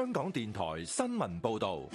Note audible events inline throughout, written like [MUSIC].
香港電台新聞報道。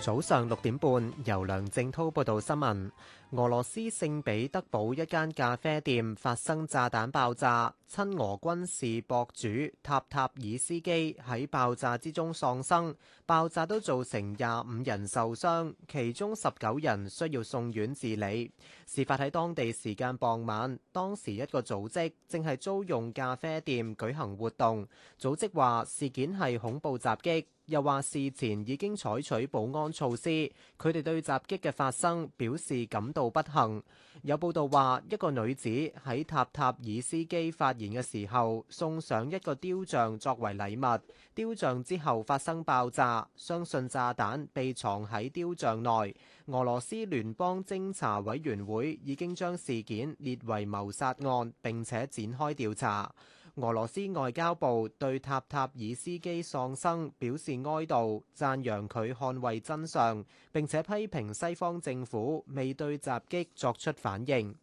早上六點半，由梁正滔報道新聞。俄羅斯聖彼得堡一間咖啡店發生炸彈爆炸，親俄軍事博主塔塔爾斯基喺爆炸之中喪生。爆炸都造成廿五人受傷，其中十九人需要送院治理。事發喺當地時間傍晚，當時一個組織正係租用咖啡店舉行活動。組織話事件係恐怖襲擊。又話事前已經採取保安措施，佢哋對襲擊嘅發生表示感到不幸。有報道話，一個女子喺塔塔爾斯基發言嘅時候送上一個雕像作為禮物，雕像之後發生爆炸，相信炸彈被藏喺雕像內。俄羅斯聯邦偵查委員會已經將事件列為謀殺案，並且展開調查。俄羅斯外交部對塔塔爾斯基喪生表示哀悼，讚揚佢捍衛真相，並且批評西方政府未對襲擊作出反應。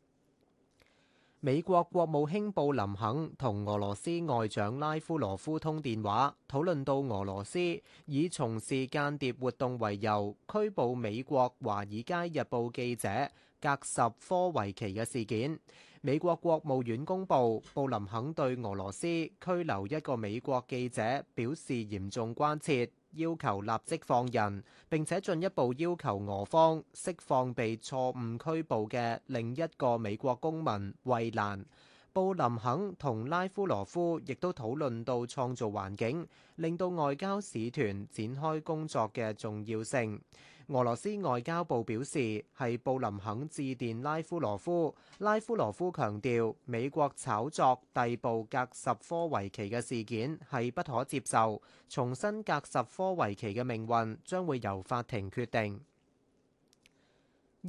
美國國務卿布林肯同俄羅斯外長拉夫羅夫通電話，討論到俄羅斯以從事間諜活動為由拘捕美國《華爾街日報》記者格什科維奇嘅事件。美國國務院公布，布林肯對俄羅斯拘留一個美國記者表示嚴重關切，要求立即放人，並且進一步要求俄方釋放被錯誤拘捕嘅另一個美國公民惠蘭。布林肯同拉夫羅夫亦都討論到創造環境，令到外交使團展開工作嘅重要性。俄羅斯外交部表示，係布林肯致電拉夫羅夫，拉夫羅夫強調美國炒作逮捕格什科維奇嘅事件係不可接受，重申格什科維奇嘅命運將會由法庭決定。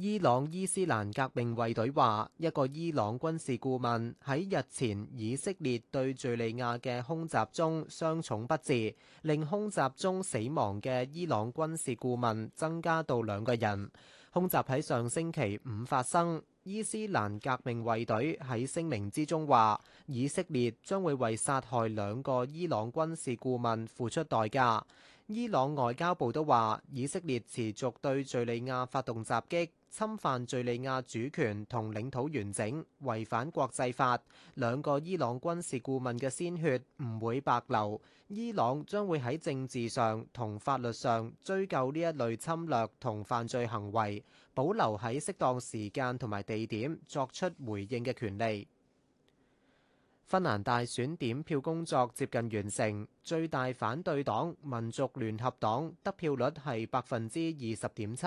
伊朗伊斯蘭革命衛隊話，一個伊朗軍事顧問喺日前以色列對敘利亞嘅空襲中傷重不治，令空襲中死亡嘅伊朗軍事顧問增加到兩個人。空襲喺上星期五發生。伊斯蘭革命衛隊喺聲明之中話，以色列將會為殺害兩個伊朗軍事顧問付出代價。伊朗外交部都話，以色列持續對敘利亞發動襲擊。侵犯敘利亞主權同領土完整，違反國際法。兩個伊朗軍事顧問嘅鮮血唔會白流，伊朗將會喺政治上同法律上追究呢一類侵略同犯罪行為，保留喺適當時間同埋地點作出回應嘅權利。芬蘭大選點票工作接近完成，最大反對黨民族聯合黨得票率係百分之二十點七，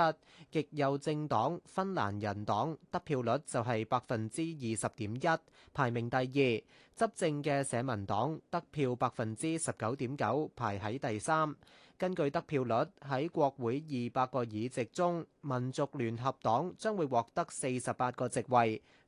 極右政黨芬蘭人黨得票率就係百分之二十點一，排名第二。執政嘅社民黨得票百分之十九點九，排喺第三。根據得票率喺國會二百個議席中，民族聯合黨將會獲得四十八個席位。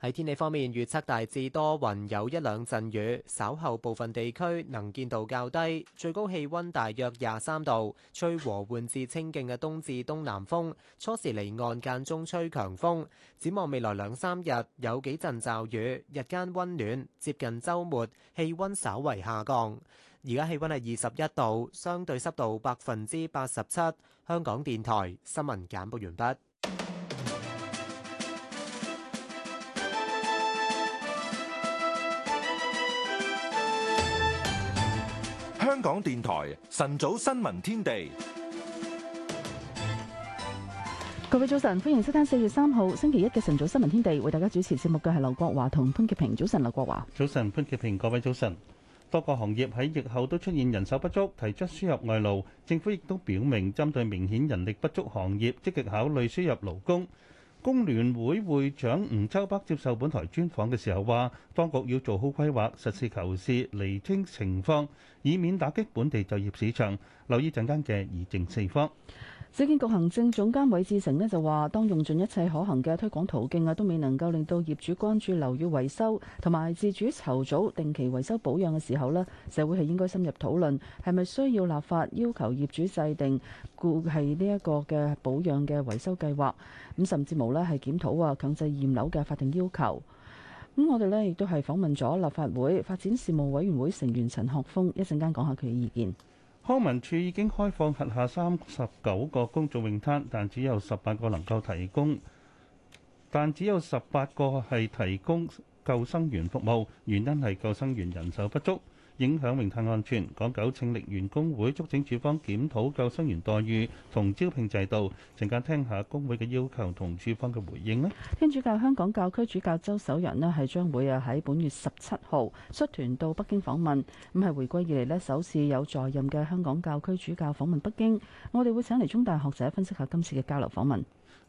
喺天氣方面預測大致多雲，有一兩陣雨，稍後部分地區能見度較低，最高氣溫大約廿三度，吹和緩至清勁嘅東至東南風，初時離岸間中吹強風。展望未來兩三日有幾陣驟雨，日間溫暖，接近週末氣溫稍為下降。而家氣溫係二十一度，相對濕度百分之八十七。香港電台新聞簡報完畢。香港電台晨早新聞天地，各位早晨，歡迎收睇四月三號星期一嘅晨早新聞天地，為大家主持節目嘅係劉國華同潘潔平。早晨，劉國華，早晨，潘潔平，各位早晨。多個行業喺疫後都出現人手不足，提出輸入外勞，政府亦都表明針對明顯人力不足行業，積極考慮輸入勞工。工聯會會長吳秋北接受本台專訪嘅時候話，當局要做好規劃，實事求是，釐清情況，以免打擊本地就業市場。留意陣間嘅《議政四方》。市建局行政總監韋志成呢就話：當用盡一切可行嘅推廣途徑啊，都未能夠令到業主關注樓宇維修同埋自主籌組定期維修保養嘅時候呢，社會係應該深入討論係咪需要立法要求業主制定固係呢一個嘅保養嘅維修計劃咁，甚至無咧係檢討啊強制驗樓嘅法定要求。咁我哋呢亦都係訪問咗立法會發展事務委員會成員陳學鋒，一陣間講下佢嘅意見。康文署已經開放轄下三十九個公眾泳灘，但只有十八個能夠提供，但只有十八個係提供救生員服務，原因係救生員人手不足。影響榮太安全，港九拯溺員工會促請處方檢討救生員待遇同招聘制度，陣間聽下工會嘅要求同處方嘅回應咧。天主教香港教區主教周守仁咧係將會啊喺本月十七號率團到北京訪問，咁係回歸以嚟咧首次有在任嘅香港教區主教訪問北京。我哋會請嚟中大學者分析下今次嘅交流訪問。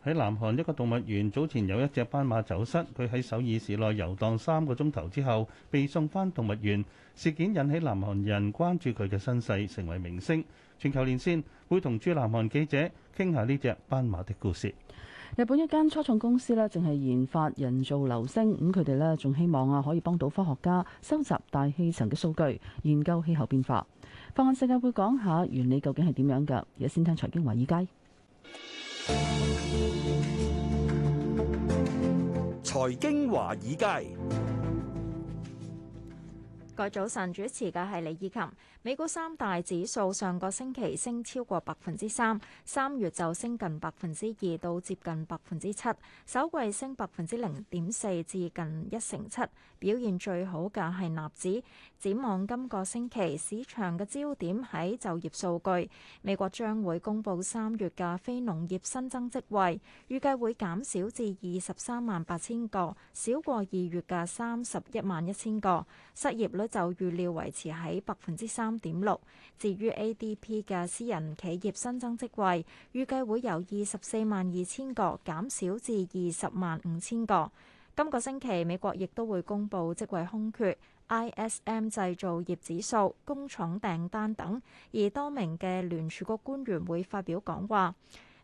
喺南韓一個動物園，早前有一隻斑馬走失，佢喺首爾市內遊蕩三個鐘頭之後，被送返動物園。事件引起南韓人關注佢嘅身世，成為明星。全球連線會同駐南韓記者傾下呢隻斑馬嘅故事。日本一間初創公司呢，正係研發人造流星，咁佢哋呢仲希望啊可以幫到科學家收集大氣層嘅數據，研究氣候變化。放眼世界會講下原理究竟係點樣㗎？而家先聽財經華爾街。財經華爾街。各位早晨，主持嘅係李以琴。美股三大指數上個星期升超過百分之三，三月就升近百分之二到接近百分之七，首季升百分之零點四至近一成七，表現最好嘅係納指。展望今個星期市場嘅焦點喺就業數據，美國將會公布三月嘅非農業新增職位，預計會減少至二十三萬八千個，少過二月嘅三十一萬一千個。失業率就預料維持喺百分之三點六。至於 ADP 嘅私人企業新增職位，預計會由二十四萬二千個減少至二十萬五千個。今個星期美國亦都會公布職位空缺。ISM 製造業指數、工廠訂單等，而多名嘅聯儲局官員會發表講話。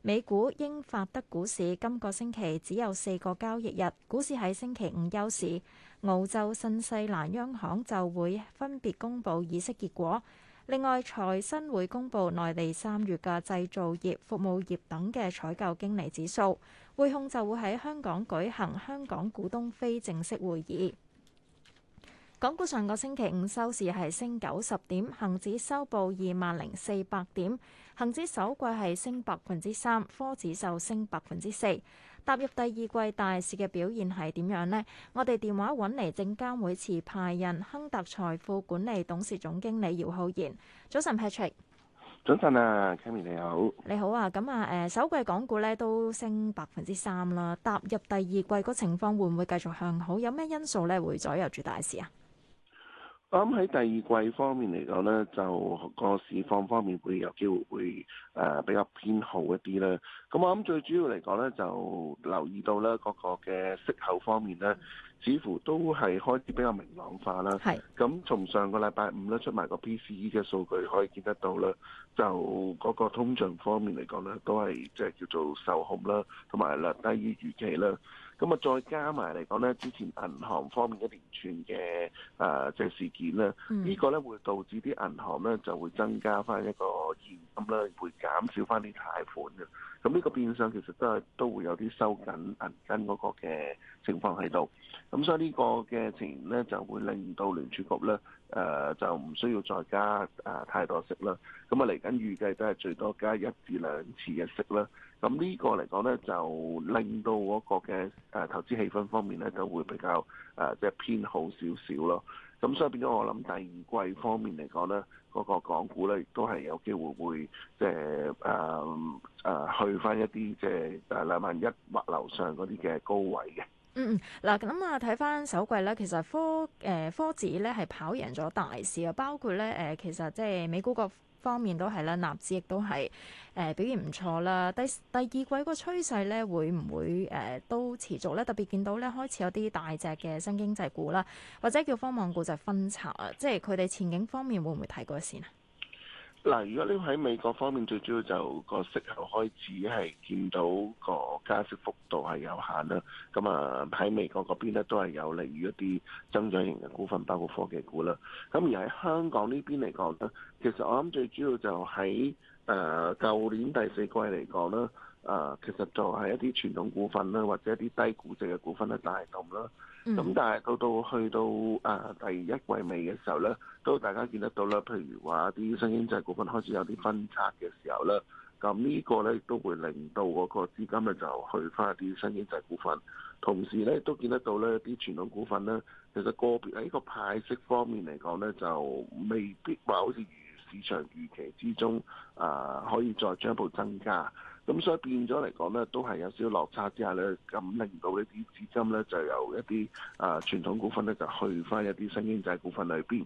美股、英法德股市今個星期只有四個交易日，股市喺星期五休市。澳洲、新西蘭央行就會分別公布議息結果。另外，財新會公布內地三月嘅製造業、服務業等嘅採購經理指數。匯控就會喺香港舉行香港股東非正式會議。港股上個星期五收市係升九十點，恒指收報二萬零四百點，恒指首季係升百分之三，科指就升百分之四。踏入第二季大市嘅表現係點樣呢？我哋電話搵嚟證監會持牌人亨達財富管理董事總經理姚浩然。早晨，Patrick。早晨啊，Kami 你好。你好啊，咁啊，誒、呃，首季港股咧都升百分之三啦。踏入第二季個情況會唔會繼續向好？有咩因素咧會左右住大市啊？我諗喺第二季方面嚟講咧，就個市況方面會有機會會誒、呃、比較偏好一啲咧。咁我諗最主要嚟講咧，就留意到咧，各個嘅息口方面咧，似乎都係開始比較明朗化啦。係是。咁從上個禮拜五咧出埋個 PCE 嘅數據可以見得到咧，就嗰個通脹方面嚟講咧，都係即係叫做受控啦，同埋略低於預期啦。咁啊，再加埋嚟講咧，之前銀行方面一連串嘅誒即係事件咧，呢、嗯、個咧會導致啲銀行咧就會增加翻一個現金啦，會減少翻啲貸款啊。咁呢個變相其實都係都會有啲收緊銀根嗰個嘅情況喺度。咁所以呢個嘅情形呢就會令到聯儲局咧誒就唔需要再加誒太多息啦。咁啊，嚟緊預計都係最多加一至兩次嘅息啦。咁呢個嚟講咧，就令到嗰個嘅誒投資氣氛方面咧，都會比較誒即係偏好少少咯。咁所以變咗我諗第二季方面嚟講咧，嗰個港股咧亦都係有機會會即係誒誒去翻一啲即係兩萬一或樓上嗰啲嘅高位嘅。嗯嗯，嗱咁啊，睇翻首季咧，其實科誒、呃、科指咧係跑贏咗大市啊，包括咧誒、呃，其實即係美股個方面都係啦，納資亦都係誒、呃、表現唔錯啦。第第二季個趨勢咧，會唔會誒、呃、都持續咧？特別見到咧，開始有啲大隻嘅新經濟股啦，或者叫科網股就係分拆啊，即係佢哋前景方面會唔會提過線啊？嗱，如果呢喺美國方面，最主要就個息口開始係見到個加息幅度係有限啦。咁啊喺美國嗰邊咧，都係有利於一啲增長型嘅股份，包括科技股啦。咁而喺香港呢邊嚟講咧，其實我諗最主要就喺誒舊年第四季嚟講啦。誒其實就係一啲傳統股份啦，或者一啲低估值嘅股份咧帶動啦。咁、嗯、但係到到去到誒第一季尾嘅時候咧，都大家見得到啦。譬如話啲新經濟股份開始有啲分拆嘅時候咧，咁呢個咧都會令到嗰個資金咧就去翻一啲新經濟股份，同時咧都見得到咧啲傳統股份咧，其實個別喺呢個派息方面嚟講咧，就未必話好似如市場預期之中誒、呃、可以再進一步增加。咁所以變咗嚟講咧，都係有少少落差之下咧，咁令到呢啲資金咧就由一啲啊、呃、傳統股份咧就去返一啲新經濟股份裏邊。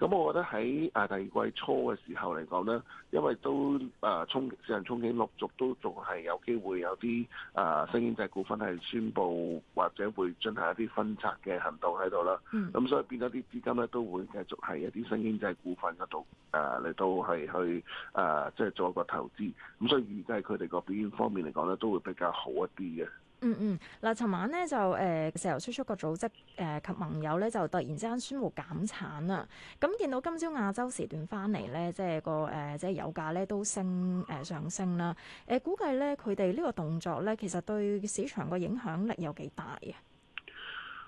咁我覺得喺啊第二季初嘅時候嚟講咧，因為都啊衝市場憧憬陸續都仲係有機會有啲啊新經濟股份係宣布或者會進行一啲分拆嘅行動喺度啦。咁、嗯、所以變咗啲資金咧都會繼續係一啲新經濟股份嗰度誒嚟到係去誒即係做一個投資。咁所以預計佢哋個表現方面嚟講咧都會比較好一啲嘅。嗯嗯，嗱、嗯，尋晚咧就誒、呃、石油輸出個組織誒、呃、及盟友咧就突然之間宣布減產啦。咁見到今朝亞洲時段翻嚟咧，即係個誒、呃、即係油價咧都升誒、呃、上升啦。誒、呃、估計咧佢哋呢個動作咧，其實對市場個影響力有幾大啊？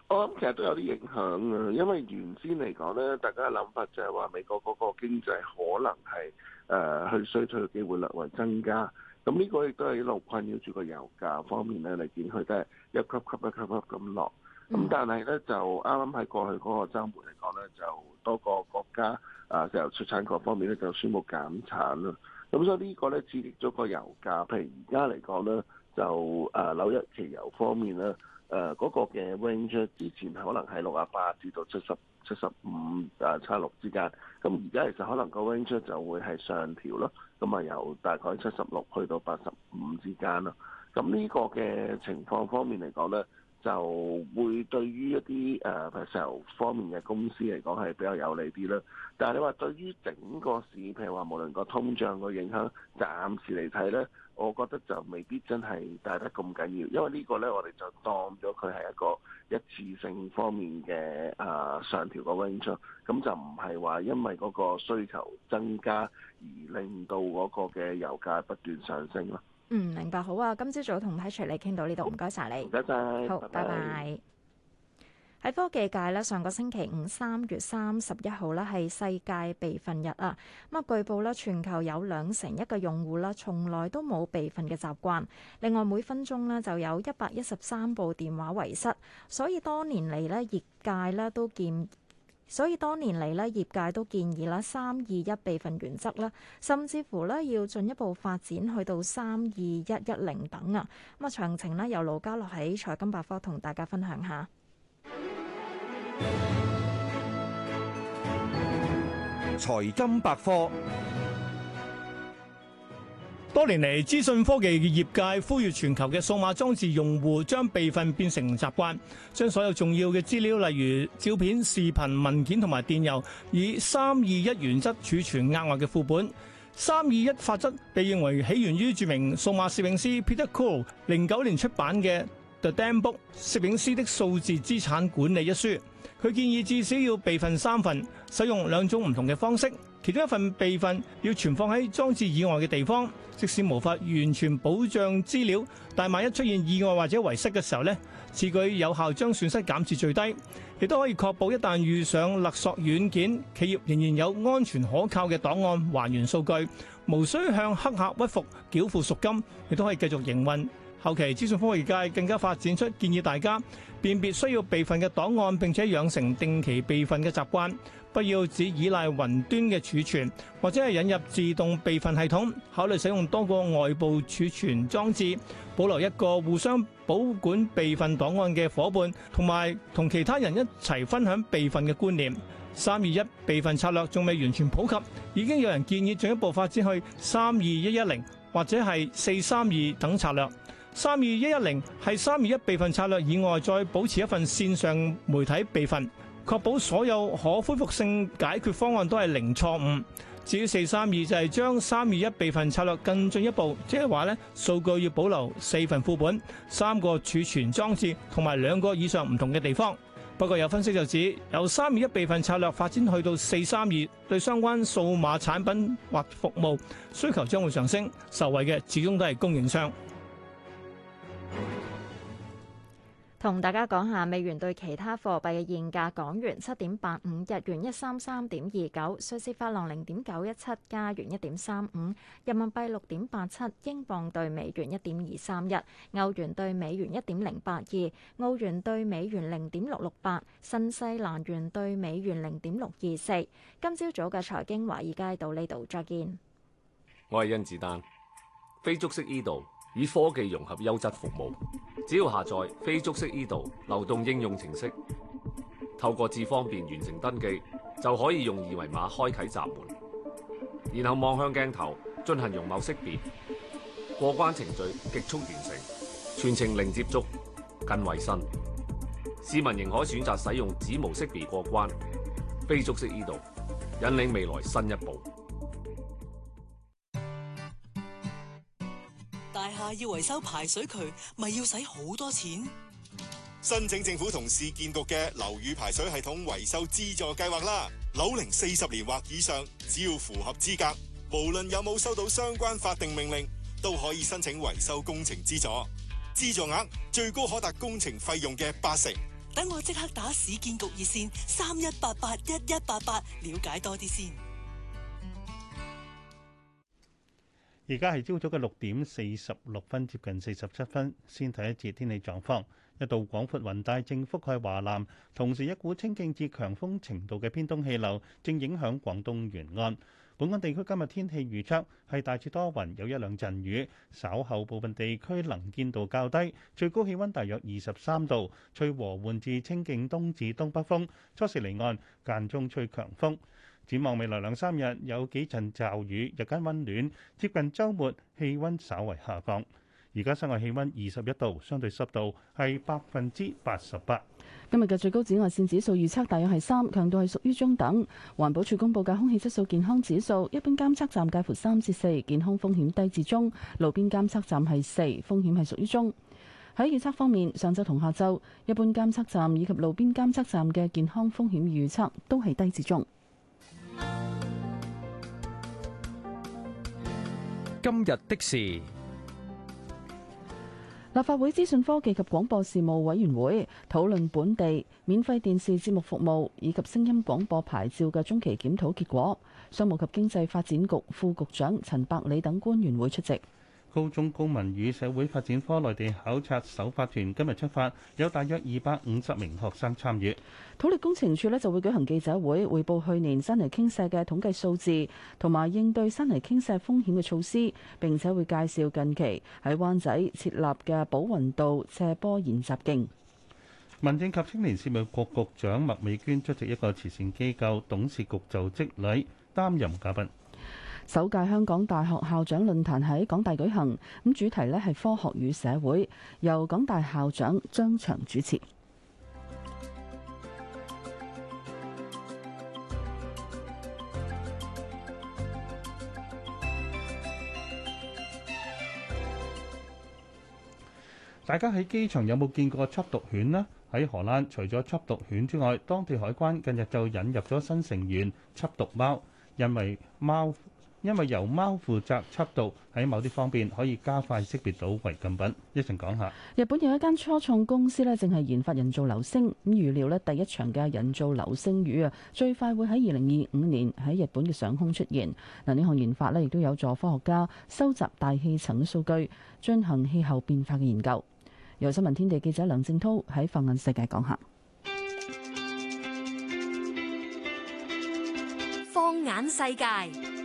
我諗其實都有啲影響啊，因為原先嚟講咧，大家嘅諗法就係話美國嗰個經濟可能係誒、呃、去衰退嘅機會略為增加。咁呢個亦都係一路困擾住個油價方面咧，你見佢都係一級級一級級咁落。咁但係咧就啱啱喺過去嗰個週末嚟講咧，就多個國家啊石油出產國方面咧就宣布減產啦。咁所以呢個咧刺激咗個油價，譬如而家嚟講咧就啊紐一紐約期油方面咧，誒嗰個嘅 range 之前可能係六啊八至到七十，七十五，誒七十六之間，咁而家其實可能個 range 就會係上調咯，咁啊由大概七十六去到八十五之間啦。咁呢個嘅情況方面嚟講咧，就會對於一啲誒石油方面嘅公司嚟講係比較有利啲啦。但係你話對於整個市，譬如話無論個通脹個影響，暫時嚟睇咧。我覺得就未必真係大得咁緊要，因為呢個呢，我哋就當咗佢係一個一次性方面嘅誒、呃、上調個溫度，咁就唔係話因為嗰個需求增加而令到嗰個嘅油價不斷上升咯。嗯，明白。好啊，今朝早同睇徐你傾到呢度，唔該晒，你。好，拜拜。喺科技界咧，上個星期五，三月三十一號咧，係世界備份日啊。咁啊，據報咧，全球有兩成一個用戶咧，從來都冇備份嘅習慣。另外每分鐘呢，就有一百一十三部電話遺失，所以多年嚟咧業界咧都建，所以多年嚟咧業界都建議啦三二一備份原則啦，甚至乎咧要進一步發展去到三二一一零等啊。咁啊，詳情呢，由盧嘉樂喺財金百科同大家分享下。財金百科。多年嚟，資訊科技業界呼籲全球嘅數碼裝置用戶將備份變成習慣，將所有重要嘅資料，例如照片、視頻、文件同埋電郵，以三二一原則儲存額外嘅副本。三二一法則被認為起源於著名數碼攝影師 Peter Cole 零九年出版嘅《The DAM Book：攝影師的數字資產管理》一書。佢建議至少要備份三份，使用兩種唔同嘅方式。其中一份備份要存放喺裝置以外嘅地方，即使無法完全保障資料，但萬一出現意外或者遺失嘅時候呢，此舉有效將損失減至最低。亦都可以確保一旦遇上勒索軟件，企業仍然有安全可靠嘅檔案還原數據，無需向黑客屈服，繳付贖金，亦都可以繼續營運。後期資訊科技界更加發展出建議大家辨別需要備份嘅檔案，並且養成定期備份嘅習慣。不要只依賴雲端嘅儲存，或者係引入自動備份系統，考慮使用多個外部儲存裝置，保留一個互相保管備份檔案嘅伙伴，同埋同其他人一齊分享備份嘅觀念。三二一備份策略仲未完全普及，已經有人建議進一步發展去三二一一零或者係四三二等策略。三二一一零，係三二一備份策略以外，再保持一份線上媒體備份，確保所有可恢復性解決方案都係零錯誤。至於四三二就係將三二一備份策略更進一步，即係話咧數據要保留四份副本，三個儲存裝置同埋兩個以上唔同嘅地方。不過有分析就指由三二一備份策略發展去到四三二，對相關數碼產品或服務需求將會上升，受惠嘅始終都係供應商。同大家講下美元對其他貨幣嘅現價：港元七點八五，5, 日元一三三點二九，瑞士法郎零點九一七，加元一點三五，人民幣六點八七，英鎊兌美元一點二三一，歐元兌美元一點零八二，澳元兌美元零點六六八，新西蘭元兌美元零點六二四。今朝早嘅財經華爾街到呢度再見。我係甄子丹，非足色呢度。以科技融合優質服務，只要下載非接觸式 e 道流動應用程式，透過智方便完成登記，就可以用二維碼開啟閘門，然後望向鏡頭進行容貌識別，過關程序極速完成，全程零接觸，更衛生。市民仍可以選擇使用指模識別過關。非接觸式 e 道引領未來新一步。大廈要維修排水渠，咪要使好多錢。申請政府同市建局嘅樓宇排水系統維修資助計劃啦。樓齡四十年或以上，只要符合資格，無論有冇收到相關法定命令，都可以申請維修工程資助。資助額最高可達工程費用嘅八成。等我即刻打市建局熱線三一八八一一八八，88, 了解多啲先。而家係朝早嘅六點四十六分，接近四十七分，先睇一次天氣狀況。一道廣闊雲帶正覆蓋華南，同時一股清勁至強風程度嘅偏東氣流正影響廣東沿岸。本港地區今日天氣預測係大致多雲，有一兩陣雨，稍後部分地區能見度較低，最高氣温大約二十三度，吹和緩至清勁東至東北風，初時離岸，間中吹強風。展望未來兩三日有幾陣驟雨，日間溫暖，接近週末氣温稍為下降。而家室外氣温二十一度，相對濕度係百分之八十八。今日嘅最高紫外線指數預測大約係三，強度係屬於中等。環保署公布嘅空氣質素健康指數，一般監測站介乎三至四，健康風險低至中；路邊監測站係四，風險係屬於中。喺預測方面，上晝同下晝一般監測站以及路邊監測站嘅健康風險預測都係低至中。今日的事，立法會資訊科技及廣播事務委員會討論本地免費電視節目服務以及聲音廣播牌照嘅中期檢討結果。商務及經濟發展局副局長陳百里等官員會出席。高中公民與社會發展科內地考察首發團今日出發，有大約二百五十名學生參與。土力工程處咧就會舉行記者會，彙報去年山泥傾瀉嘅統計數字，同埋應對山泥傾瀉風險嘅措施，並且會介紹近期喺灣仔設立嘅寶雲道斜坡研習徑。民政及青年事務局局長麥美娟出席一個慈善機構董事局就職禮，擔任嘉賓。首屆香港大學校長論壇喺港大舉行，咁主題呢係科學與社會，由港大校長張翔主持。大家喺機場有冇見過緝毒犬呢？喺荷蘭，除咗緝毒犬之外，當地海關近日就引入咗新成員——緝毒貓，因為貓。因為由貓負責緝毒，喺某啲方面可以加快識別到違禁品。一陣講下。日本有一間初創公司咧，正係研發人造流星。咁預料咧，第一場嘅人造流星雨啊，最快會喺二零二五年喺日本嘅上空出現。嗱，呢項研發咧，亦都有助科學家收集大氣層嘅數據，進行氣候變化嘅研究。由新聞天地記者梁正濤喺放眼世界講下。放眼世界。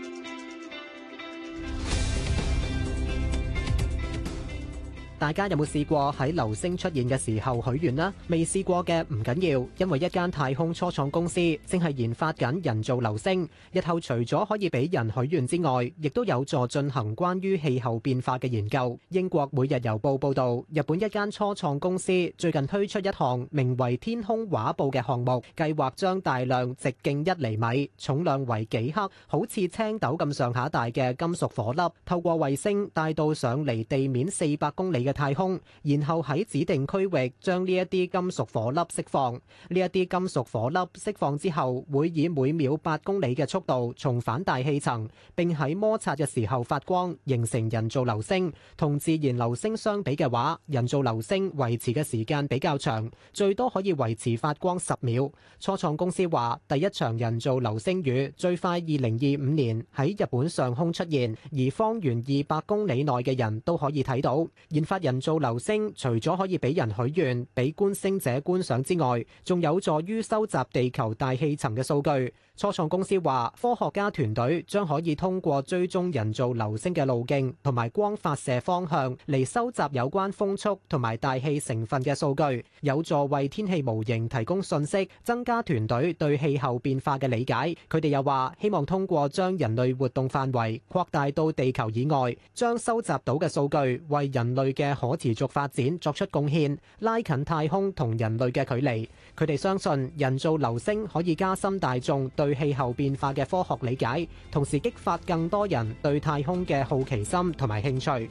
大家有冇試過喺流星出現嘅時候許願呢？未試過嘅唔緊要，因為一間太空初創公司正係研發緊人造流星，日後除咗可以俾人許願之外，亦都有助進行關於氣候變化嘅研究。英國每日郵報報導，日本一間初創公司最近推出一項名為《天空畫布》嘅項目，計劃將大量直徑一厘米、重量為幾克、好似青豆咁上下大嘅金屬火粒，透過衛星帶到上離地面四百公里嘅太空，然後喺指定區域將呢一啲金屬火粒釋放。呢一啲金屬火粒釋放之後，會以每秒八公里嘅速度重返大氣層，並喺摩擦嘅時候發光，形成人造流星。同自然流星相比嘅話，人造流星維持嘅時間比較長，最多可以維持發光十秒。初創公司話，第一場人造流星雨最快二零二五年喺日本上空出現，而方圓二百公里內嘅人都可以睇到。研發人造流星除咗可以俾人許願、俾觀星者觀賞之外，仲有助於收集地球大氣層嘅數據。初創公司話，科學家團隊將可以通過追蹤人造流星嘅路徑同埋光發射方向，嚟，收集有關風速同埋大氣成分嘅數據，有助為天氣模型提供信息，增加團隊對氣候變化嘅理解。佢哋又話，希望通過將人類活動範圍擴大到地球以外，將收集到嘅數據為人類嘅可持續發展作出貢獻，拉近太空同人類嘅距離。佢哋相信人造流星可以加深大眾對對氣候變化嘅科學理解，同時激發更多人對太空嘅好奇心同埋興趣。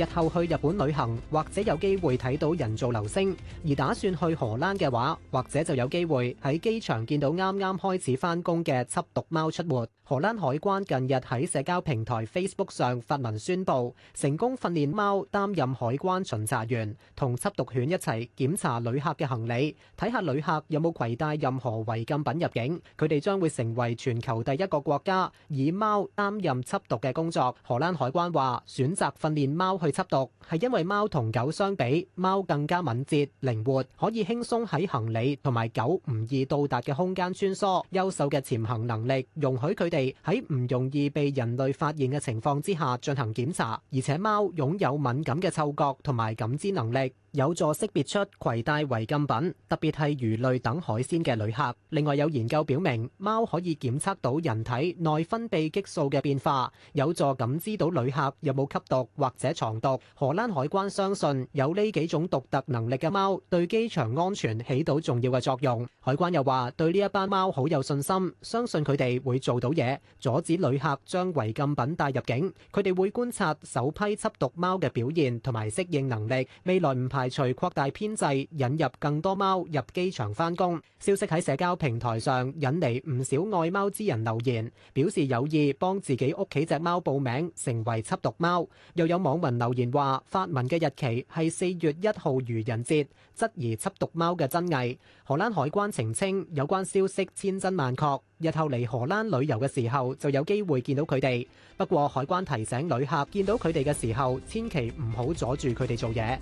日後去日本旅行或者有機會睇到人造流星，而打算去荷蘭嘅話，或者就有機會喺機場見到啱啱開始翻工嘅緝毒貓出沒。荷蘭海關近日喺社交平台 Facebook 上發文宣布，成功訓練貓擔任海關巡查員，同緝毒犬一齊檢查旅客嘅行李，睇下旅客有冇携帶任何違禁品入境。佢哋將會成為全球第一個國家以貓擔任緝毒嘅工作。荷蘭海關話：選擇訓練貓去。緝毒係因為貓同狗相比，貓更加敏捷靈活，可以輕鬆喺行李同埋狗唔易到達嘅空間穿梭。優秀嘅潛行能力容許佢哋喺唔容易被人類發現嘅情況之下進行檢查。而且貓擁有敏感嘅嗅覺同埋感知能力。有助識別出攜帶違禁品，特別係魚類等海鮮嘅旅客。另外有研究表明，貓可以檢測到人體內分泌激素嘅變化，有助感知到旅客有冇吸毒或者藏毒。荷蘭海關相信有呢幾種獨特能力嘅貓，對機場安全起到重要嘅作用。海關又話：對呢一班貓好有信心，相信佢哋會做到嘢，阻止旅客將違禁品帶入境。佢哋會觀察首批緝毒貓嘅表現同埋適應能力，未來唔怕排除擴大編製，引入更多貓入機場翻工。消息喺社交平台上引嚟，唔少愛貓之人留言，表示有意幫自己屋企隻貓報名，成為緝毒貓。又有網民留言話，發文嘅日期係四月一號愚人節，質疑緝毒貓嘅真偽。荷蘭海關澄清有關消息，千真萬確，日後嚟荷蘭旅遊嘅時候就有機會見到佢哋。不過海關提醒旅客，見到佢哋嘅時候，千祈唔好阻住佢哋做嘢。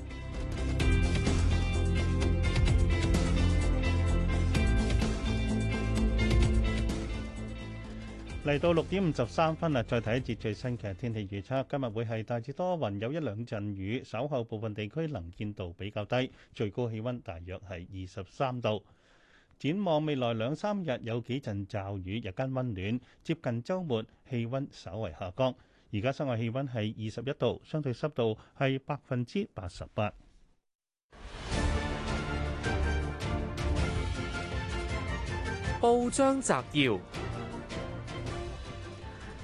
嚟到六點五十三分啦，再睇一節最新嘅天氣預測。今日會係大致多雲，有一兩陣雨，稍後部分地區能見度比較低。最高氣溫大約係二十三度。展望未來兩三日有幾陣驟雨，日間溫暖，接近周末氣溫稍為下降。而家室外氣溫係二十一度，相對濕度係百分之八十八。報章摘要：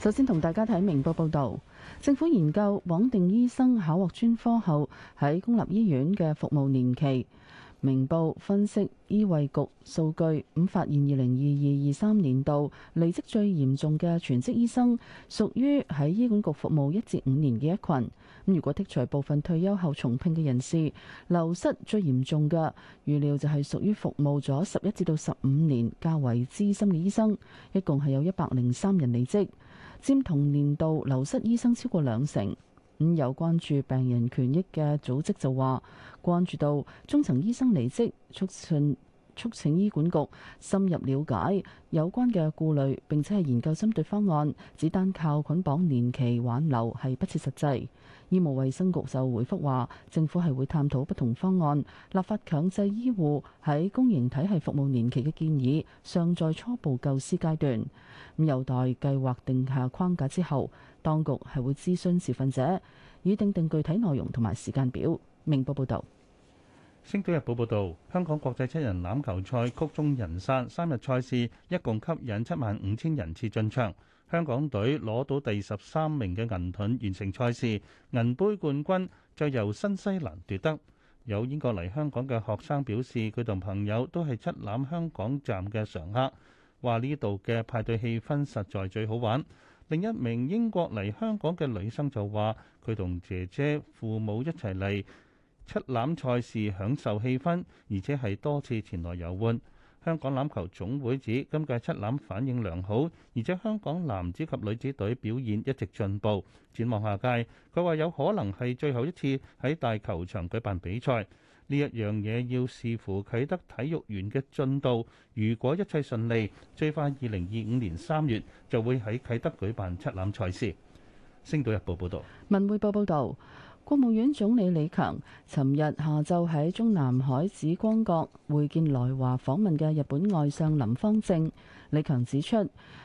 首先同大家睇明報報道，政府研究綁定醫生考獲專科後喺公立醫院嘅服務年期。明報分析醫衛局數據，咁發現二零二二、二三年度離職最嚴重嘅全職醫生，屬於喺醫管局服務一至五年嘅一群。咁如果剔除部分退休後重聘嘅人士，流失最嚴重嘅，預料就係屬於服務咗十一至到十五年較為資深嘅醫生，一共係有一百零三人離職，佔同年度流失醫生超過兩成。咁有關注病人權益嘅組織就話，關注到中層醫生離職，促請促請醫管局深入了解有關嘅顧慮，並且係研究針對方案，只單靠捆綁年期挽留係不切實際。醫務衛生局就回覆話，政府係會探討不同方案，立法強制醫護喺公營體系服務年期嘅建議尚在初步構思階段。咁有待計劃定下框架之後，當局係會諮詢持份者，以訂定具體內容同埋時間表。明報報道：《星島日報》報道，香港國際七人欖球賽曲終人散，三日賽事一共吸引七萬五千人次進場。香港隊攞到第十三名嘅銀盾，完成賽事。銀杯冠軍就由新西蘭奪得。有英國嚟香港嘅學生表示，佢同朋友都係七欖香港站嘅常客，話呢度嘅派對氣氛實在最好玩。另一名英國嚟香港嘅女生就話，佢同姐姐父母一齊嚟七欖賽事，享受氣氛，而且係多次前來遊玩。香港欖球總會指今屆七欖反應良好，而且香港男子及女子隊表現一直進步。展望下屆，佢話有可能係最後一次喺大球場舉辦比賽。呢一樣嘢要視乎啟德體育園嘅進度。如果一切順利，最快二零二五年三月就會喺啟德舉辦七欖賽事。星島日報報道，文匯報報道。國務院總理李強尋日下晝喺中南海紫光閣會見來華訪問嘅日本外相林芳正。李強指出，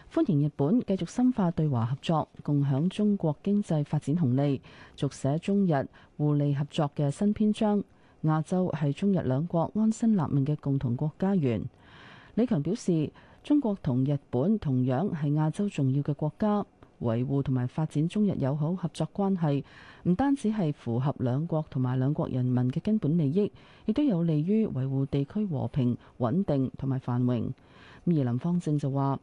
歡迎日本繼續深化對華合作，共享中國經濟發展紅利，續寫中日互利合作嘅新篇章。亞洲係中日兩國安身立命嘅共同國家園。李強表示，中國同日本同樣係亞洲重要嘅國家。維護同埋發展中日友好合作關係，唔單止係符合兩國同埋兩國人民嘅根本利益，亦都有利於維護地區和平穩定同埋繁榮。而林芳正就話：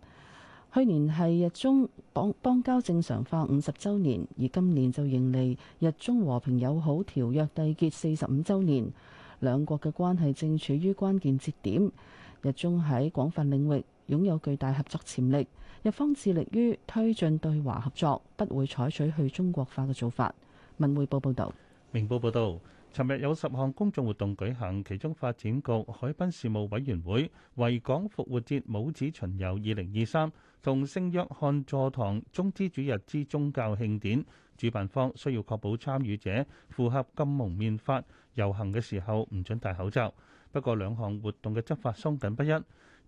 去年係日中邦邦交正常化五十週年，而今年就迎嚟日中和平友好條約締結四十五週年，兩國嘅關係正處於關鍵節點，日中喺廣泛領域擁有巨大合作潛力。日方致力於推進對華合作，不會採取去中國化嘅做法。文匯報報道：「明報報道，尋日有十項公眾活動舉行，其中發展局海濱事務委員會維港復活節母子巡遊二零二三同聖約翰座堂棕枝主日之宗教慶典，主辦方需要確保參與者符合禁蒙面法，遊行嘅時候唔准戴口罩。不過兩項活動嘅執法鬆緊不一。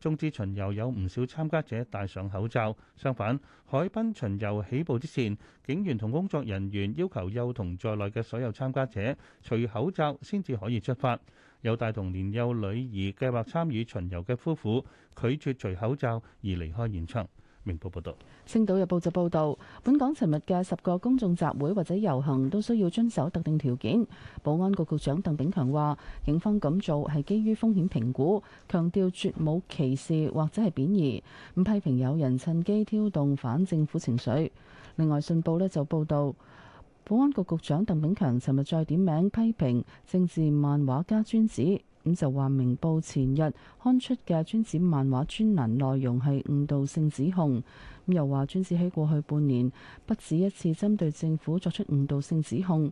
眾志巡遊有唔少參加者戴上口罩，相反，海濱巡遊起步之前，警員同工作人員要求幼童在內嘅所有參加者除口罩先至可以出發。有帶同年幼女兒計劃參與巡遊嘅夫婦拒絕除口罩而離開現場。明報報導，《星島日報》就報導，本港尋日嘅十個公眾集會或者遊行都需要遵守特定條件。保安局局長鄧炳強話，警方咁做係基於風險評估，強調絕冇歧視或者係貶義，唔批評有人趁機挑動反政府情緒。另外，《信報》呢就報導，保安局局長鄧炳強尋日再點名批評政治漫畫家尊子。咁就話明報前日刊出嘅尊子漫畫專欄內容係誤導性指控，咁又話尊子喺過去半年不止一次針對政府作出誤導性指控。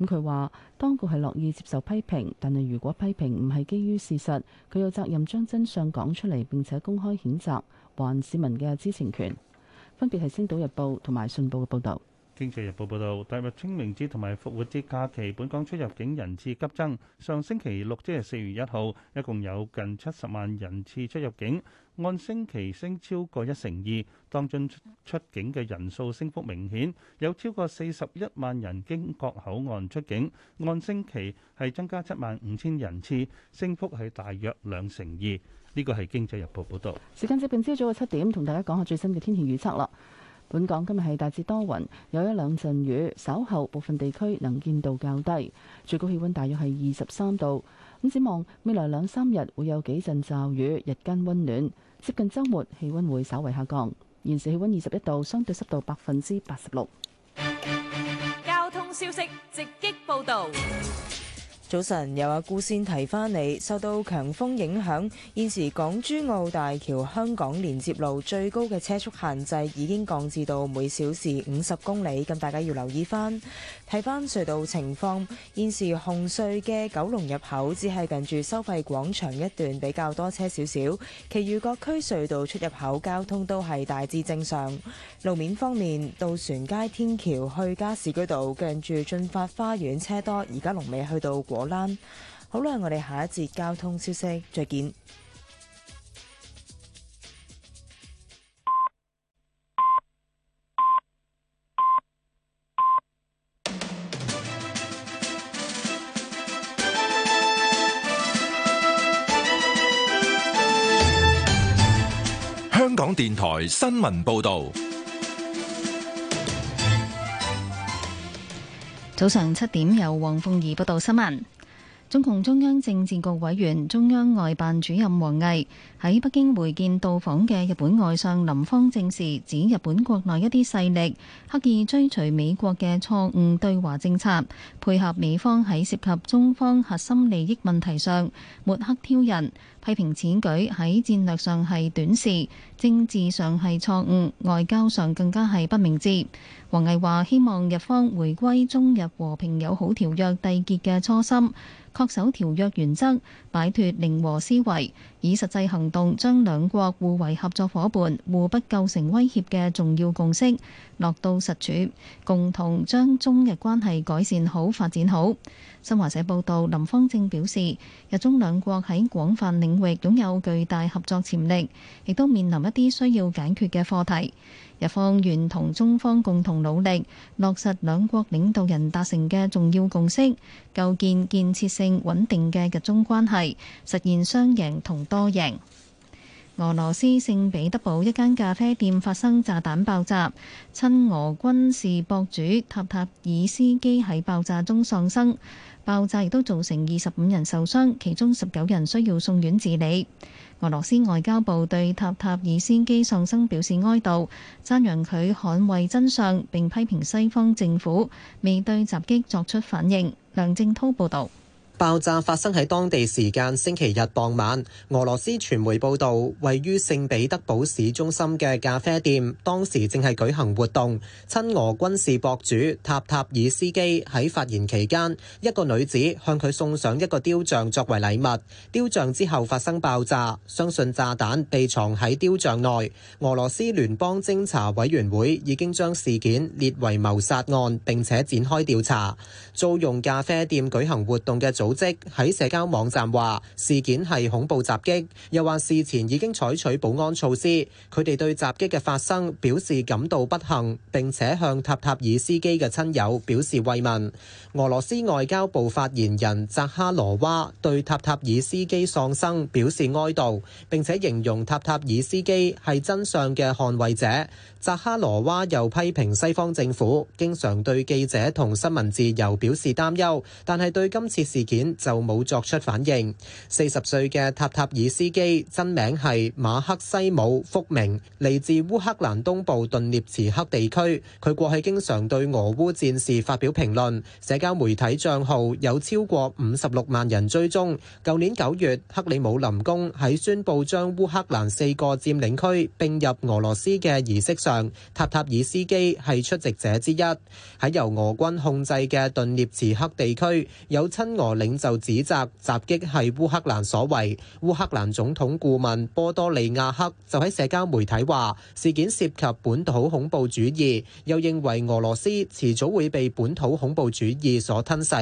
咁佢話當局係樂意接受批評，但係如果批評唔係基於事實，佢有責任將真相講出嚟，並且公開譴責，還市民嘅知情權。分別係《星島日報》同埋《信報》嘅報道。經濟日報報導，踏入清明節同埋復活節假期，本港出入境人次急增。上星期六即係四月一號，一共有近七十萬人次出入境，按星期升超過一成二。當中出境嘅人數升幅明顯，有超過四十一萬人經各口岸出境，按星期係增加七萬五千人次，升幅係大約兩成二。呢個係經濟日報報導。時間接近朝早嘅七點，同大家講下最新嘅天氣預測啦。本港今日係大致多雲，有一兩陣雨，稍後部分地區能見度較低，最高氣溫大約係二十三度。咁展望未來兩三日會有幾陣驟雨，日間溫暖，接近周末氣溫會稍為下降。現時氣溫二十一度，相對濕度百分之八十六。交通消息直擊報道。早晨，有阿姑先提翻你。受到強風影響，現時港珠澳大橋香港連接路最高嘅車速限制已經降至到每小時五十公里，咁大家要留意翻。睇翻隧道情況，現時紅隧嘅九龍入口只係近住收費廣場一段比較多車少少，其餘各區隧道出入口交通都係大致正常。路面方面，渡船街天橋去加士居道近住進發花園車多，而家龍尾去到。果欄好啦，我哋下一節交通消息再見。香港電台新聞報道。早上七點，由黃鳳儀報道新聞。中共中央政治局委員、中央外辦主任王毅喺北京會見到訪嘅日本外相林芳正時，指日本國內一啲勢力刻意追隨美國嘅錯誤對華政策，配合美方喺涉及中方核心利益問題上抹黑挑釁，批評此舉喺戰略上係短視、政治上係錯誤、外交上更加係不明智。王毅話：希望日方回歸中日和平友好條約締結嘅初心，恪守條約原則，擺脱零和思維。以實際行動將兩國互為合作伙伴、互不構成威脅嘅重要共識落到實處，共同將中日關係改善好、發展好。新華社報道，林芳正表示，日中兩國喺廣泛領域擁有巨大合作潛力，亦都面臨一啲需要解決嘅課題。日方願同中方共同努力，落實兩國領導人達成嘅重要共識，構建建設性穩定嘅日中關係，實現雙贏同多。多。俄羅斯聖彼得堡一間咖啡店發生炸彈爆炸，親俄軍事博主塔塔爾斯基喺爆炸中喪生，爆炸亦都造成二十五人受傷，其中十九人需要送院治理。俄羅斯外交部對塔塔爾斯基喪生表示哀悼，讚揚佢捍衛真相，並批評西方政府未對襲擊作出反應。梁正濤報導。爆炸發生喺當地時間星期日傍晚。俄羅斯傳媒報導，位於聖彼得堡市中心嘅咖啡店當時正係舉行活動。親俄軍事博主塔塔爾斯基喺發言期間，一個女子向佢送上一個雕像作為禮物。雕像之後發生爆炸，相信炸彈被藏喺雕像內。俄羅斯聯邦偵查委員會已經將事件列為謀殺案，並且展開調查。租用咖啡店舉行活動嘅組組織喺社交網站話事件係恐怖襲擊，又話事前已經採取保安措施。佢哋對襲擊嘅發生表示感到不幸，並且向塔塔爾斯基嘅親友表示慰問。俄羅斯外交部發言人扎哈羅娃對塔塔爾斯基喪生表示哀悼，並且形容塔塔爾斯基係真相嘅捍衛者。扎哈羅娃又批評西方政府經常對記者同新聞自由表示擔憂，但係對今次事件。就冇作出反應。四十歲嘅塔塔爾斯基真名係馬克西姆·福明，嚟自烏克蘭東部頓涅茨克地區。佢過去經常對俄烏戰事發表評論，社交媒體帳號有超過五十六萬人追蹤。舊年九月，克里姆林宮喺宣佈將烏克蘭四個佔領區並入俄羅斯嘅儀式上，塔塔爾斯基係出席者之一。喺由俄軍控制嘅頓涅茨克地區，有親俄力。就指責襲擊係烏克蘭所為。烏克蘭總統顧問波多利亞克就喺社交媒體話，事件涉及本土恐怖主義，又認為俄羅斯遲早會被本土恐怖主義所吞噬。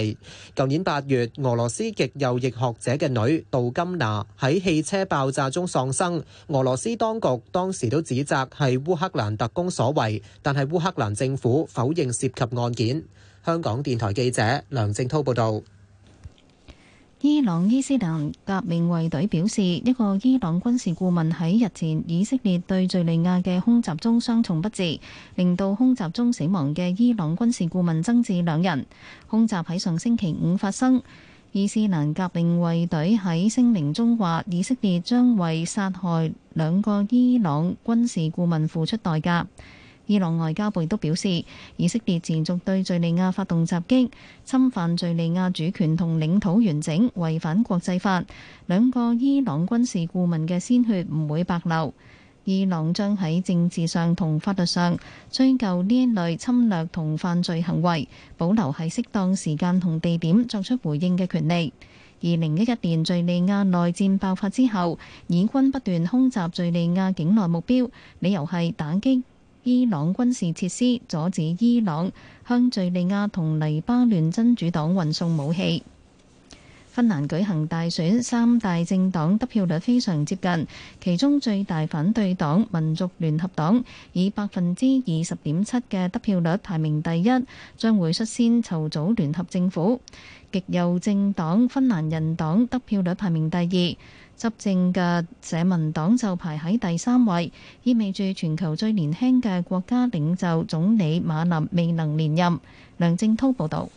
舊年八月，俄羅斯極右翼學者嘅女杜金娜喺汽車爆炸中喪生，俄羅斯當局當時都指責係烏克蘭特工所為，但係烏克蘭政府否認涉及案件。香港電台記者梁正滔報道。伊朗伊斯蘭革命衛隊表示，一個伊朗軍事顧問喺日前以色列對敘利亞嘅空襲中傷重不治，令到空襲中死亡嘅伊朗軍事顧問增至兩人。空襲喺上星期五發生。伊斯蘭革命衛隊喺聲明中話，以色列將為殺害兩個伊朗軍事顧問付出代價。伊朗外交部都表示，以色列持續對敘利亞發動襲擊侵犯敘利亞主權同領土完整，違反國際法。兩個伊朗軍事顧問嘅鮮血唔會白流，伊朗將喺政治上同法律上追究呢一類侵略同犯罪行為保留喺適當時間同地點作出回應嘅權利。二零一一年敘利亞內戰爆發之後，以軍不斷空襲敘利亞境內目標理由係打擊。伊朗軍事設施，阻止伊朗向敍利亞同黎巴嫩真主黨運送武器。芬蘭舉行大選，三大政黨得票率非常接近，其中最大反對黨民族聯合黨以百分之二十點七嘅得票率排名第一，將會率先籌組聯合政府。極右政黨芬蘭人黨得票率排名第二。執政嘅社民黨就排喺第三位，意味住全球最年輕嘅國家領袖總理馬林未能連任。梁正滔報導。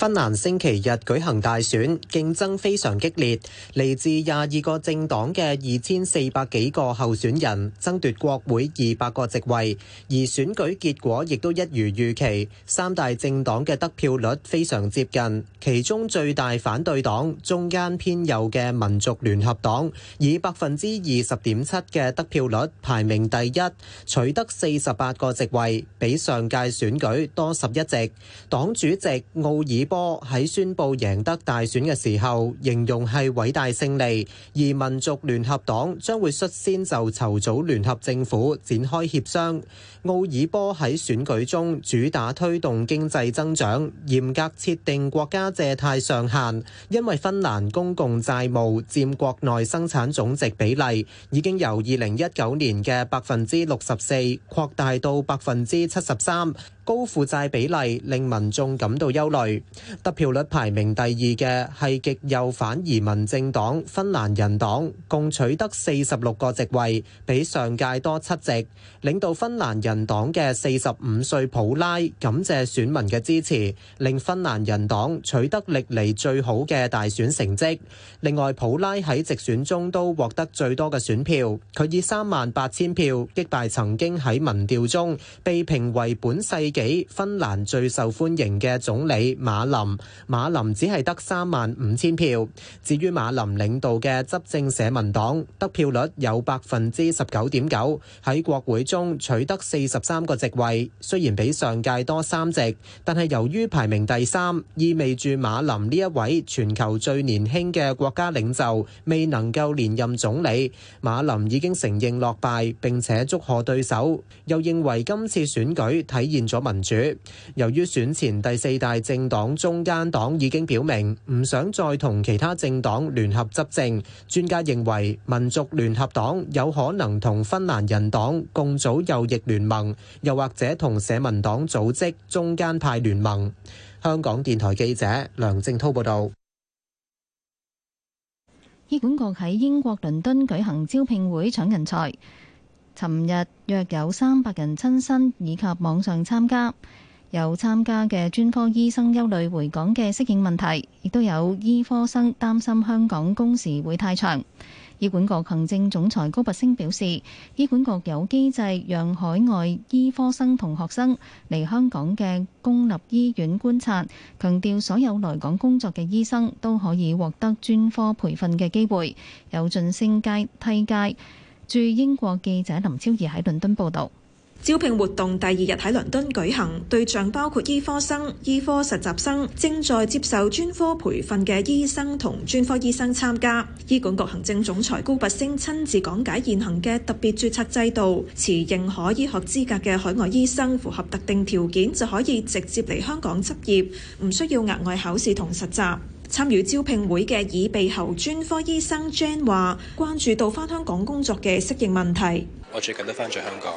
芬蘭星期日舉行大選，競爭非常激烈，嚟自廿二個政黨嘅二千四百幾個候選人爭奪國會二百個席位。而選舉結果亦都一如預期，三大政黨嘅得票率非常接近。其中最大反對黨，中間偏右嘅民族聯合黨，以百分之二十點七嘅得票率排名第一，取得四十八個席位，比上屆選舉多十一席。黨主席奧爾波喺宣布贏得大選嘅時候，形容係偉大勝利，而民族聯合黨將會率先就籌組聯合政府展開協商。奧爾波喺選舉中主打推動經濟增長，嚴格設定國家借貸上限，因為芬蘭公共債務佔國內生產總值比例已經由二零一九年嘅百分之六十四擴大到百分之七十三，高負債比例令民眾感到憂慮。得票率排名第二嘅係極右反移民政黨芬蘭人黨，共取得四十六個席位，比上屆多七席。領導芬蘭人黨嘅四十五歲普拉感謝選民嘅支持，令芬蘭人黨取得歷嚟最好嘅大選成績。另外，普拉喺直選中都獲得最多嘅選票，佢以三萬八千票擊敗曾經喺民調中被評為本世紀芬蘭最受歡迎嘅總理馬。林馬林只係得三萬五千票。至於馬林領導嘅執政社民黨，得票率有百分之十九點九，喺國會中取得四十三個席位，雖然比上屆多三席，但係由於排名第三，意味住馬林呢一位全球最年輕嘅國家領袖未能夠連任總理。馬林已經承認落敗，並且祝賀對手，又認為今次選舉體現咗民主。由於選前第四大政黨，中間黨已經表明唔想再同其他政黨聯合執政，專家認為民族聯合黨有可能同芬蘭人黨共組右翼聯盟，又或者同社民黨組織中間派聯盟。香港電台記者梁正濤報道。醫管局喺英國倫敦舉行招聘會搶人才，尋日約有三百人親身以及網上參加。有參加嘅專科醫生憂慮回港嘅適應問題，亦都有醫科生擔心香港工時會太長。醫管局行政總裁高拔昇表示，醫管局有機制讓海外醫科生同學生嚟香港嘅公立醫院觀察，強調所有來港工作嘅醫生都可以獲得專科培訓嘅機會，有晉升階梯階。駐英國記者林超儀喺倫敦報道。招聘活動第二日喺倫敦舉行，對象包括醫科生、醫科實習生，正在接受專科培訓嘅醫生同專科醫生參加。醫管局行政總裁高拔陞親自講解現行嘅特別註冊制度，持認可醫學資格嘅海外醫生符合特定條件就可以直接嚟香港執業，唔需要額外考試同實習。參與招聘會嘅耳鼻喉專科醫生 Jane 話：關注到返香港工作嘅適應問題。我最近都返咗香港。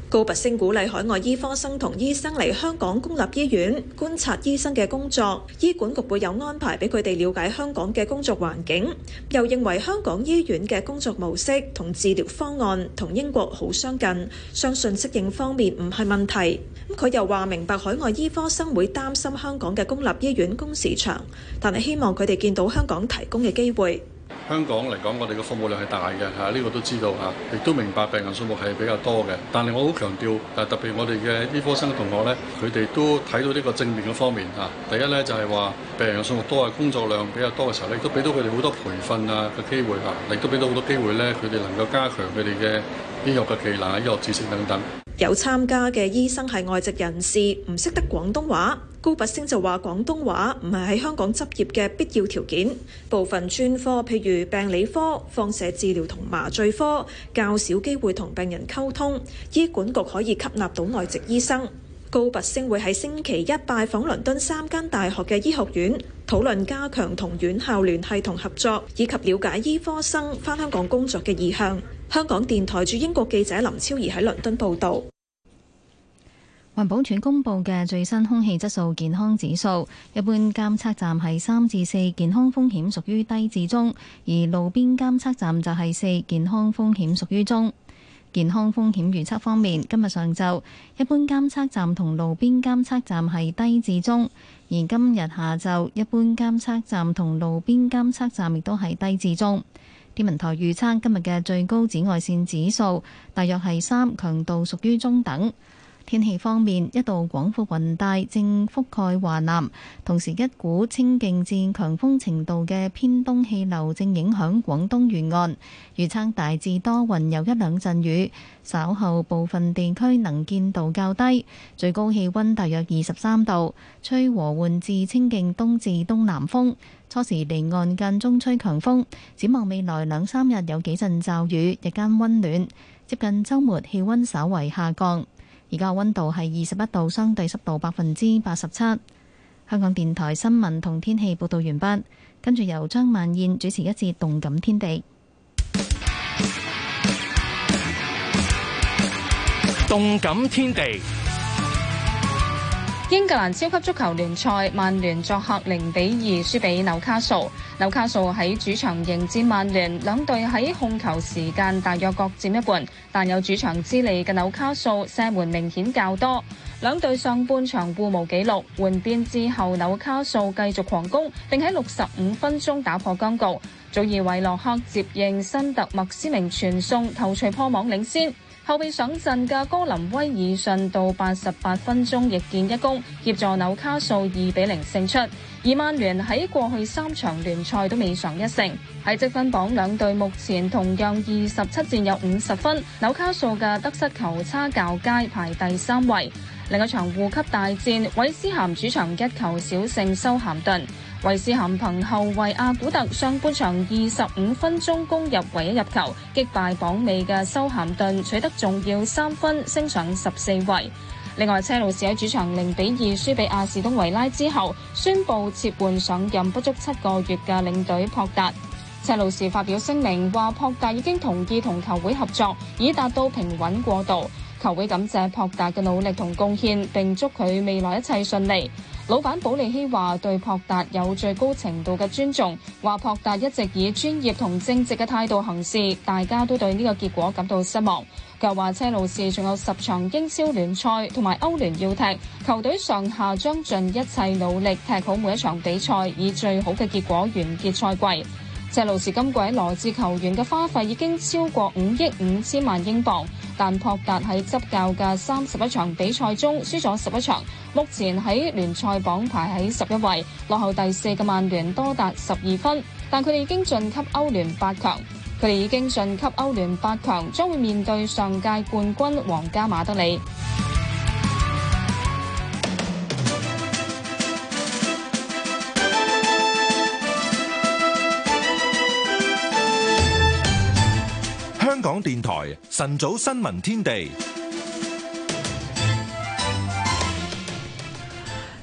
高拔陞鼓勵海外醫科生同醫生嚟香港公立醫院觀察醫生嘅工作，醫管局會有安排俾佢哋了解香港嘅工作環境。又認為香港醫院嘅工作模式同治療方案同英國好相近，相信適應方面唔係問題。佢又話明白海外醫科生會擔心香港嘅公立醫院工時長，但係希望佢哋見到香港提供嘅機會。香港嚟講，我哋嘅服務量係大嘅，嚇，呢個都知道嚇，亦都明白病人數目係比較多嘅。但係我好強調，特別我哋嘅醫科生同學咧，佢哋都睇到呢個正面嘅方面嚇。第一咧就係話病人數目多啊，工作量比較多嘅時候咧，亦都俾到佢哋好多培訓啊嘅機會嚇，亦都俾到好多機會咧，佢哋能夠加強佢哋嘅醫學嘅技能、醫學知識等等。有參加嘅醫生係外籍人士，唔識得廣東話。高拔升就話：廣東話唔係喺香港執業嘅必要條件。部分專科，譬如病理科、放射治療同麻醉科，較少機會同病人溝通。醫管局可以吸納到外籍醫生。高拔升會喺星期一拜訪倫敦三間大學嘅醫學院，討論加強同院校聯繫同合作，以及了解醫科生返香港工作嘅意向。香港電台駐英國記者林超儀喺倫敦報道。環保署公布嘅最新空氣質素健康指數，一般監測站係三至四，健康風險屬於低至中；而路邊監測站就係四，健康風險屬於中。健康風險預測方面，今日上晝一般監測站同路邊監測站係低至中，而今日下晝一般監測站同路邊監測站亦都係低至中。天文台預測今日嘅最高紫外綫指數大約係三，強度屬於中等。天氣方面，一道廣闊雲帶正覆蓋華南，同時一股清勁至強風程度嘅偏東氣流正影響廣東沿岸。預測大致多雲，有一兩陣雨，稍後部分地區能見度較低，最高氣温大約二十三度，吹和緩至清勁東至東南風。初時離岸間中吹強風。展望未來兩三日有幾陣驟雨，日間温暖，接近周末氣温稍為下降。而家溫度係二十一度，相對濕度百分之八十七。香港電台新聞同天氣報道完畢，跟住由張曼燕主持一節《動感天地》。《動感天地》。英格蘭超級足球聯賽，曼聯作客零比二輸俾紐卡素。紐卡素喺主場迎戰曼聯，兩隊喺控球時間大約各佔一半，但有主場之利嘅紐卡素射門明顯較多。兩隊上半場互無紀錄，換邊之後紐卡素繼續狂攻，並喺六十五分鐘打破僵局，早已為洛克接應新特麥斯明傳送頭槌破網領先。後備上陣嘅高林威爾遜到八十八分鐘亦建一功協助紐卡素二比零勝出。而曼聯喺過去三場聯賽都未嘗一勝，喺積分榜兩隊目前同樣二十七戰有五十分，紐卡素嘅得失球差較佳，排第三位。另一場護級大戰，韋斯咸主場一球小勝修咸頓。維斯咸憑後衛阿古特上半場二十五分鐘攻入唯一入球，擊敗榜尾嘅修咸頓，取得重要三分，升上十四位。另外，車路士喺主場零比二輸俾阿士東維拉之後，宣布撤換上任不足七個月嘅領隊朴達。車路士發表聲明話，朴達已經同意同球會合作，以達到平穩過渡。球會感謝朴達嘅努力同貢獻，並祝佢未來一切順利。老闆保利希話對博達有最高程度嘅尊重，話博達一直以專業同正直嘅態度行事，大家都對呢個結果感到失望。佢話車路士仲有十場英超聯賽同埋歐聯要踢，球隊上下將盡一切努力踢好每一場比賽，以最好嘅結果完結賽季。車路士今季羅致球員嘅花費已經超過五億五千萬英鎊，但普達喺執教嘅三十一場比賽中輸咗十一場，目前喺聯賽榜排喺十一位，落後第四嘅曼聯多達十二分。但佢哋已經晉級歐聯八強，佢哋已經晉級歐聯八強，將會面對上屆冠軍皇家馬德里。香港電台晨早新聞天地，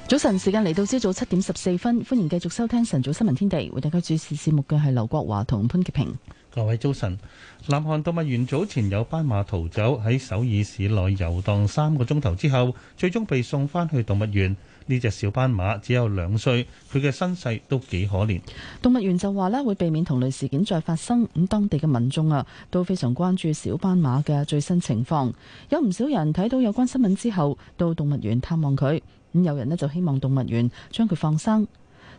早晨時間嚟到朝早七點十四分，歡迎繼續收聽晨早新聞天地，為大家主持節目嘅係劉國華同潘潔平。各位早晨，南韓動物園早前有斑馬逃走喺首爾市內遊蕩三個鐘頭之後，最終被送翻去動物園。呢隻小斑馬只有兩歲，佢嘅身世都幾可憐。動物園就話咧會避免同類事件再發生。咁當地嘅民眾啊，都非常關注小斑馬嘅最新情況。有唔少人睇到有關新聞之後，到動物園探望佢。咁有人咧就希望動物園將佢放生。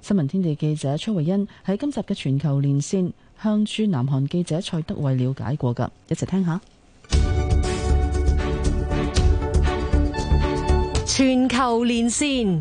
新聞天地記者崔慧欣喺今集嘅全球連線，向駐南韓記者蔡德偉了解過噶，一齊聽下。全球連線，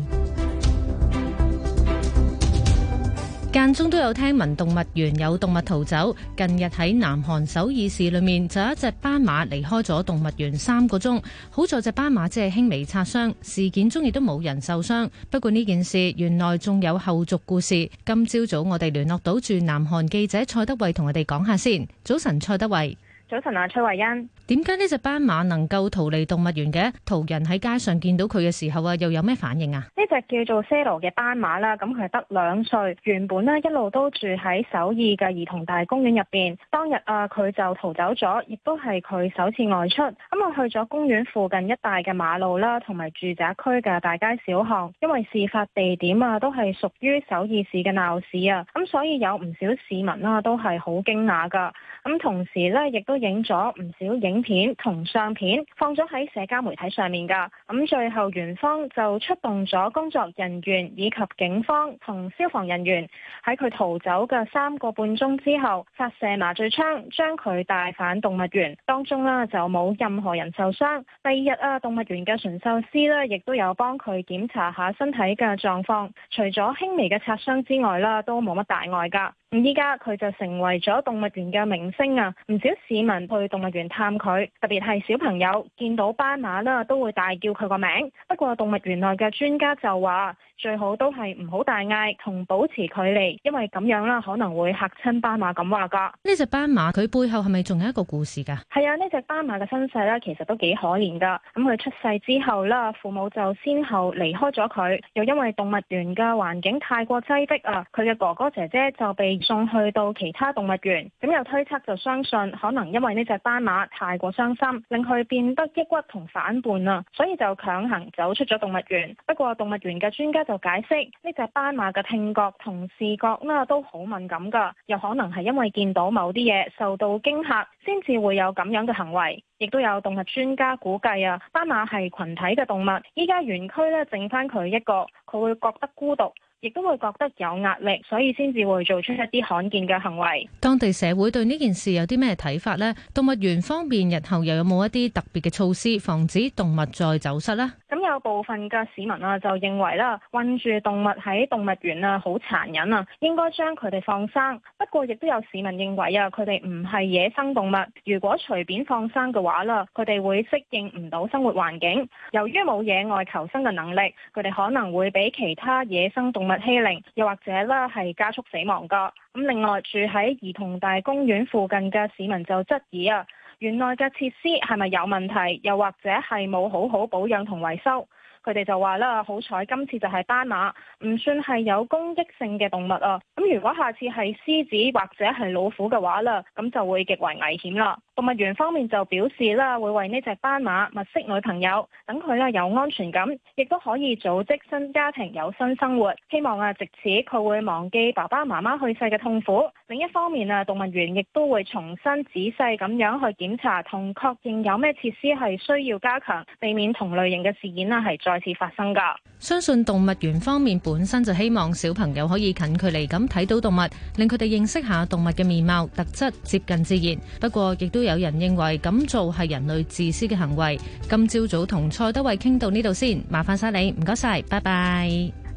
間中都有聽聞動物園有動物逃走。近日喺南韓首爾市裏面，就有一隻斑馬離開咗動物園三個鐘。好在隻斑馬只係輕微擦傷，事件中亦都冇人受傷。不過呢件事，原來仲有後續故事。今朝早，早我哋聯絡到駐南韓記者蔡德偉，同我哋講下先。早晨，蔡德偉。早晨啊，崔慧欣，點解呢隻斑馬能夠逃離動物園嘅？途人喺街上見到佢嘅時候啊，又有咩反應啊？呢隻叫做 Sero 嘅斑馬啦，咁佢係得兩歲，原本呢，一路都住喺首爾嘅兒童大公園入邊。當日啊，佢就逃走咗，亦都係佢首次外出。咁啊，去咗公園附近一帶嘅馬路啦，同埋住宅區嘅大街小巷。因為事發地點啊，都係屬於首爾市嘅鬧市啊，咁所以有唔少市民啦，都係好驚訝噶。咁同時咧，亦都影咗唔少影片同相片，放咗喺社交媒體上面噶。咁最後園方就出動咗工作人員以及警方同消防人員，喺佢逃走嘅三個半鐘之後，發射麻醉槍將佢帶返動物園。當中啦就冇任何人受傷。第二日啊，動物園嘅馴獸師呢，亦都有幫佢檢查下身體嘅狀況，除咗輕微嘅擦傷之外啦，都冇乜大礙噶。咁依家佢就成為咗動物園嘅明星啊！唔少市民去動物園探佢，特別係小朋友見到斑馬啦，都會大叫佢個名。不過動物園內嘅專家就話，最好都係唔好大嗌，同保持距離，因為咁樣啦可能會吓親斑馬咁話噶。呢隻斑馬佢背後係咪仲有一個故事噶？係啊，呢隻斑馬嘅身世咧其實都幾可憐噶。咁佢出世之後啦，父母就先後離開咗佢，又因為動物園嘅環境太過擠迫啊，佢嘅哥哥姐姐就被。送去到其他動物園，咁又推測就相信可能因為呢隻斑馬太過傷心，令佢變得抑鬱同反叛啊，所以就強行走出咗動物園。不過動物園嘅專家就解釋，呢隻斑馬嘅聽覺同視覺啦都好敏感噶，有可能係因為見到某啲嘢受到驚嚇，先至會有咁樣嘅行為。亦都有動物專家估計啊，斑馬係群體嘅動物，依家園區呢剩翻佢一個，佢會覺得孤獨。亦都會覺得有壓力，所以先至會做出一啲罕見嘅行為。當地社會對呢件事有啲咩睇法呢？動物園方面日後又有冇一啲特別嘅措施防止動物再走失呢？咁有部分嘅市民啊，就認為啦、啊，困住動物喺動物園啊，好殘忍啊，應該將佢哋放生。不過亦都有市民認為啊，佢哋唔係野生動物，如果隨便放生嘅話啦，佢哋會適應唔到生活環境，由於冇野外求生嘅能力，佢哋可能會俾其他野生動物欺凌，又或者啦，係加速死亡噶。咁另外住喺兒童大公園附近嘅市民就質疑啊，園內嘅設施係咪有問題，又或者係冇好好保養同維修。佢哋就話啦，好彩今次就係斑馬，唔算係有攻擊性嘅動物啊。咁如果下次係獅子或者係老虎嘅話啦，咁就會極為危險啦。動物園方面就表示啦，會為呢隻斑馬物色女朋友，等佢啦有安全感，亦都可以組織新家庭，有新生活。希望啊，藉此佢會忘記爸爸媽媽去世嘅痛苦。另一方面啊，動物園亦都會重新仔細咁樣去檢查同確認有咩設施係需要加強，避免同類型嘅事件啦係再次發生噶相信動物園方面本身就希望小朋友可以近距離咁睇到動物，令佢哋認識下動物嘅面貌特質，接近自然。不過亦都有人認為咁做係人類自私嘅行為。今朝早同蔡德偉傾到呢度先，麻煩晒你，唔該晒，拜拜，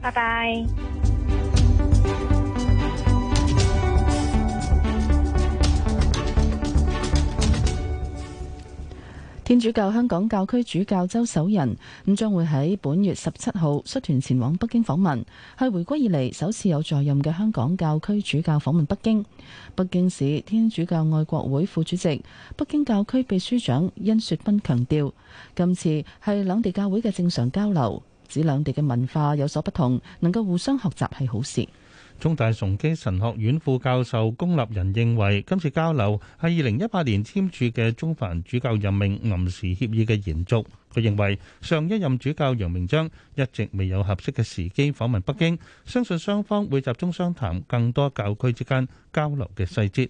拜拜。天主教香港教區主教周守仁咁將會喺本月十七號率團前往北京訪問，係回歸以嚟首次有在任嘅香港教區主教訪問北京。北京市天主教愛國會副主席、北京教區秘書長殷雪斌強調，今次係兩地教會嘅正常交流，指兩地嘅文化有所不同，能夠互相學習係好事。中大崇基神學院副教授龔立人認為，今次交流係二零一八年簽署嘅中梵主教任命臨時協議嘅延續。佢認為，上一任主教楊明章一直未有合適嘅時機訪問北京，相信雙方會集中商談更多教區之間交流嘅細節。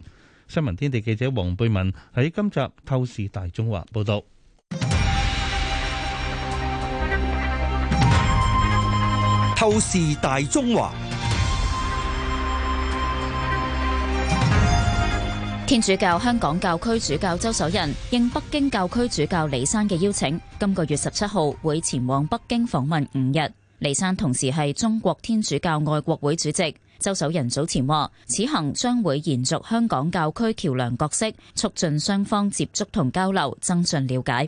新聞天地記者黃貝文喺今集透視大中華報道。透視大中華。天主教香港教區主教周守仁應北京教區主教李山嘅邀請，今個月十七號會前往北京訪問五日。李山同時係中國天主教愛國會主席。周守仁早前話，此行將會延續香港教區橋梁角色，促進雙方接觸同交流，增進了解。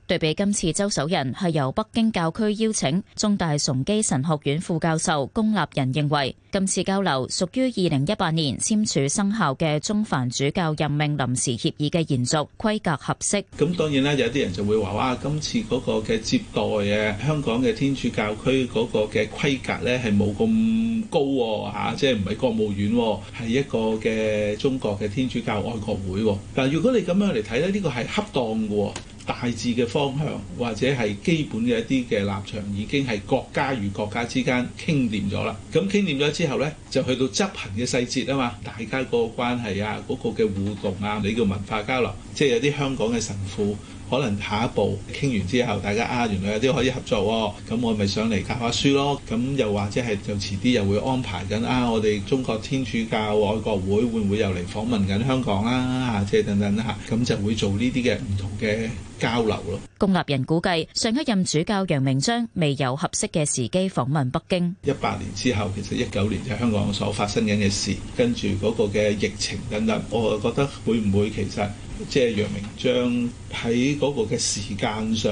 對比今次周守仁係由北京教區邀請，中大崇基神學院副教授龔立仁認為，今次交流屬於二零一八年簽署生效嘅中梵主教任命臨時協議嘅延續，規格合適。咁當然啦，有啲人就會話：哇，今次嗰個嘅接待嘅香港嘅天主教區嗰個嘅規格咧係冇咁高喎嚇，即係唔係國務院係一個嘅中國嘅天主教愛國會。但如果你咁樣嚟睇咧，呢個係恰當嘅。大致嘅方向或者係基本嘅一啲嘅立場已經係國家與國家之間傾掂咗啦。咁傾掂咗之後咧，就去到執行嘅細節啊嘛。大家個關係啊，嗰個嘅互動啊，你叫文化交流，即係有啲香港嘅神父。可能下一步傾完之後，大家啊，原來有啲可以合作喎，咁我咪上嚟教下書咯。咁又或者係就遲啲又會安排緊啊，我哋中國天主教愛國會會唔會又嚟訪問緊香港啊，即係等等嚇，咁就會做呢啲嘅唔同嘅交流咯。公立人估計，上一任主教楊明章未有合適嘅時機訪問北京。一八年之後，其實一九年就香港所發生緊嘅事，跟住嗰個嘅疫情等等，我覺得會唔會其實？即係楊明章喺嗰個嘅時間上，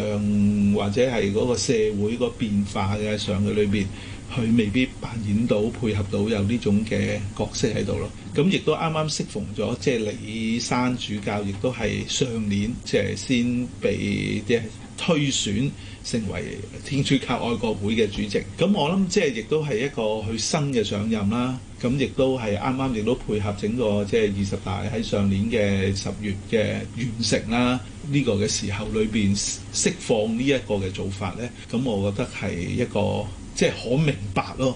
或者係嗰個社會個變化嘅上嘅裏邊，佢未必扮演到配合到有呢種嘅角色喺度咯。咁亦都啱啱適逢咗，即係李生主教，亦都係上年即係先被啲推選。成為天主教愛國會嘅主席，咁我諗即係亦都係一個佢新嘅上任啦，咁亦都係啱啱亦都配合整個即係二十大喺上年嘅十月嘅完成啦，呢個嘅時候裏邊釋放呢一個嘅做法呢，咁我覺得係一個即係好明白咯。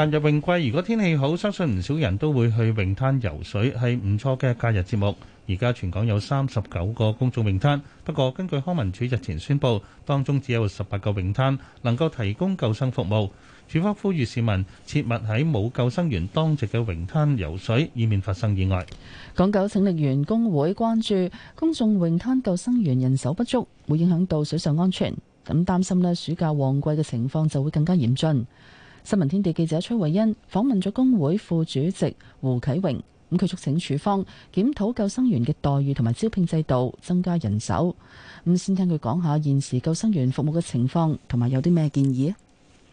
但入泳季，如果天氣好，相信唔少人都會去泳灘游水，係唔錯嘅假日節目。而家全港有三十九個公眾泳灘，不過根據康文署日前宣布，當中只有十八個泳灘能夠提供救生服務。署方呼籲市民切勿喺冇救生員當值嘅泳灘游水，以免發生意外。港九拯溺員工會關注公眾泳灘救生員人手不足，會影響到水上安全。咁擔心咧，暑假旺季嘅情況就會更加嚴峻。新聞天地記者崔慧欣訪問咗工會副主席胡啟榮，咁佢促請署方檢討救生員嘅待遇同埋招聘制度，增加人手。咁先聽佢講下現時救生員服務嘅情況，同埋有啲咩建議。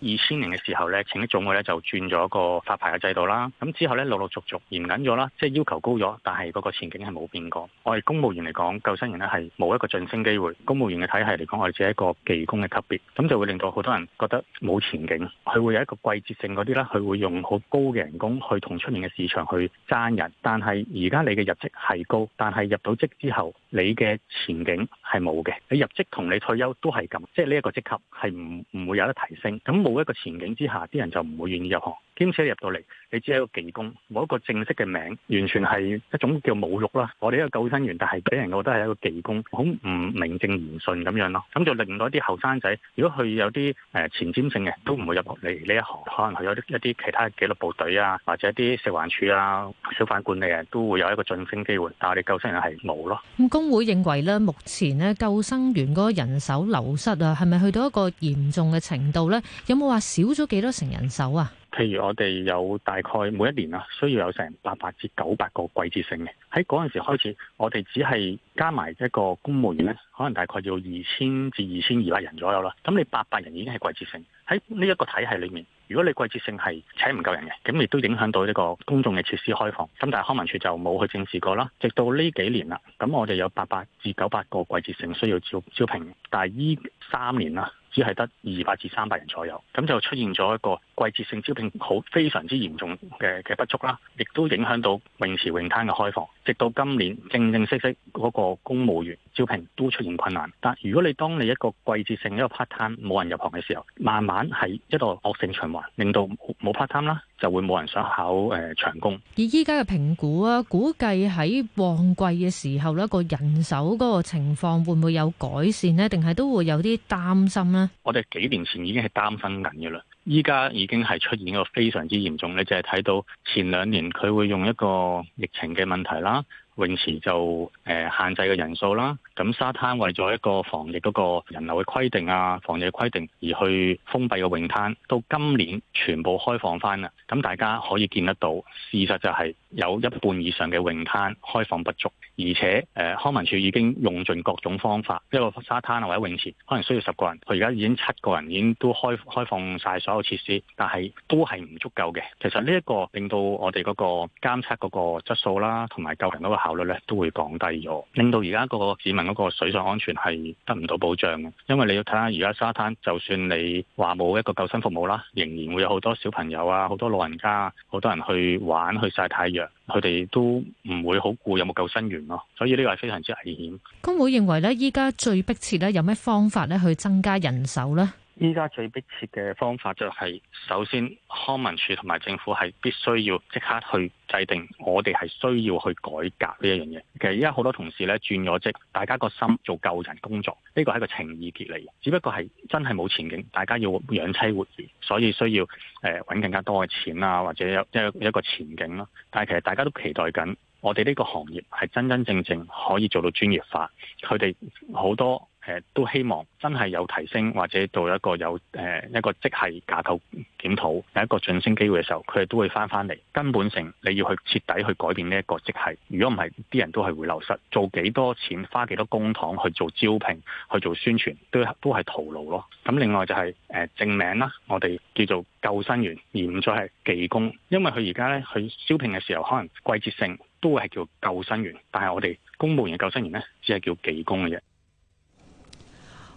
二千年嘅時候呢，前一種會呢就轉咗個發牌嘅制度啦。咁之後呢陸陸續續嚴謹咗啦，即係要求高咗，但係嗰個前景係冇變過。我哋公務員嚟講，救生員呢係冇一個晉升機會。公務員嘅體系嚟講，我哋只係一個技工嘅級別，咁就會令到好多人覺得冇前景。佢會有一個季節性嗰啲呢，佢會用好高嘅人工去同出面嘅市場去爭人。但係而家你嘅入職係高，但係入到職之後。你嘅前景係冇嘅，你入職同你退休都係咁，即係呢一個職級係唔唔會有得提升。咁冇一個前景之下，啲人就唔會願意入行。兼且入到嚟，你只係一個技工，冇一個正式嘅名，完全係一種叫侮辱啦。我哋一個救生員，但係俾人覺得係一個技工，好唔名正言順咁樣咯。咁就令到一啲後生仔，如果佢有啲誒前瞻性嘅，都唔會入嚟呢一行。可能佢有啲一啲其他嘅紀律部隊啊，或者一啲食環署啊、小販管理啊，都會有一個晉升機會，但係你救生員係冇咯。咁工會認為咧，目前咧救生員嗰個人手流失啊，係咪去到一個嚴重嘅程度咧？有冇話少咗幾多成人手啊？譬如我哋有大概每一年啦，需要有成八百至九百個季節性嘅，喺嗰陣時開始，我哋只係加埋一個公務員咧，可能大概要二千至二千二百人左右啦。咁你八百人已經係季節性，喺呢一個體系裏面，如果你季節性係請唔夠人嘅，咁亦都影響到呢個公眾嘅設施開放。咁但係康文署就冇去正視過啦。直到呢幾年啦，咁我哋有八百至九百個季節性需要招招聘，但係依三年啦。只係得二百至三百人左右，咁就出現咗一個季節性招聘好非常之嚴重嘅嘅不足啦，亦都影響到泳池泳灘嘅開放。直到今年正正式式嗰個公務員招聘都出現困難。但如果你當你一個季節性一個 part time 冇人入行嘅時候，慢慢係一個惡性循環，令到冇 part time 啦，就會冇人想考誒長工。而依家嘅評估啊，估計喺旺季嘅時候咧，個人手嗰個情況會唔會有改善咧？定係都會有啲擔心啦。我哋幾年前已經係擔心緊嘅啦，依家已經係出現一個非常之嚴重，你淨係睇到前兩年佢會用一個疫情嘅問題啦，泳池就誒、呃、限制嘅人數啦。咁沙灘為咗一個防疫嗰個人流嘅規定啊，防疫嘅規定而去封閉嘅泳灘，到今年全部開放翻啦。咁大家可以見得到，事實就係有一半以上嘅泳灘開放不足，而且誒、呃、康文署已經用盡各種方法，一個沙灘或者泳池可能需要十個人，佢而家已經七個人已經都開開放晒所有設施，但係都係唔足夠嘅。其實呢一個令到我哋嗰個監測嗰個質素啦，同埋救人嗰個效率咧都會降低咗，令到而家嗰個市民，嗰個水上安全係得唔到保障嘅，因為你要睇下而家沙灘，就算你話冇一個救生服務啦，仍然會有好多小朋友啊、好多老人家、好多人去玩去曬太陽，佢哋都唔會好顧有冇救生員咯、啊，所以呢個係非常之危險。工會認為呢，依家最迫切咧，有咩方法咧去增加人手呢？依家最迫切嘅方法就係，首先康文署同埋政府係必須要即刻去制定，我哋係需要去改革呢一樣嘢。其實依家好多同事咧轉咗職，大家個心做救人工作，呢個係一個情意結嚟嘅。只不過係真係冇前景，大家要養妻活兒，所以需要誒揾、呃、更加多嘅錢啊，或者有一一個前景咯、啊。但係其實大家都期待緊，我哋呢個行業係真真正正可以做到專業化。佢哋好多。誒，都希望真係有提升，或者做一個有誒、呃、一個職系架構檢討，有一個晉升機會嘅時候，佢哋都會翻翻嚟。根本性你要去徹底去改變呢一個職系，如果唔係，啲人都係會流失。做幾多錢，花幾多公帑去做招聘、去做宣傳，都都係徒勞咯。咁另外就係誒正名啦，我哋叫做救生員，而唔再係技工，因為佢而家咧佢招聘嘅時候，可能季節性都會係叫救生員，但係我哋公務員嘅救生員咧，只係叫技工嘅啫。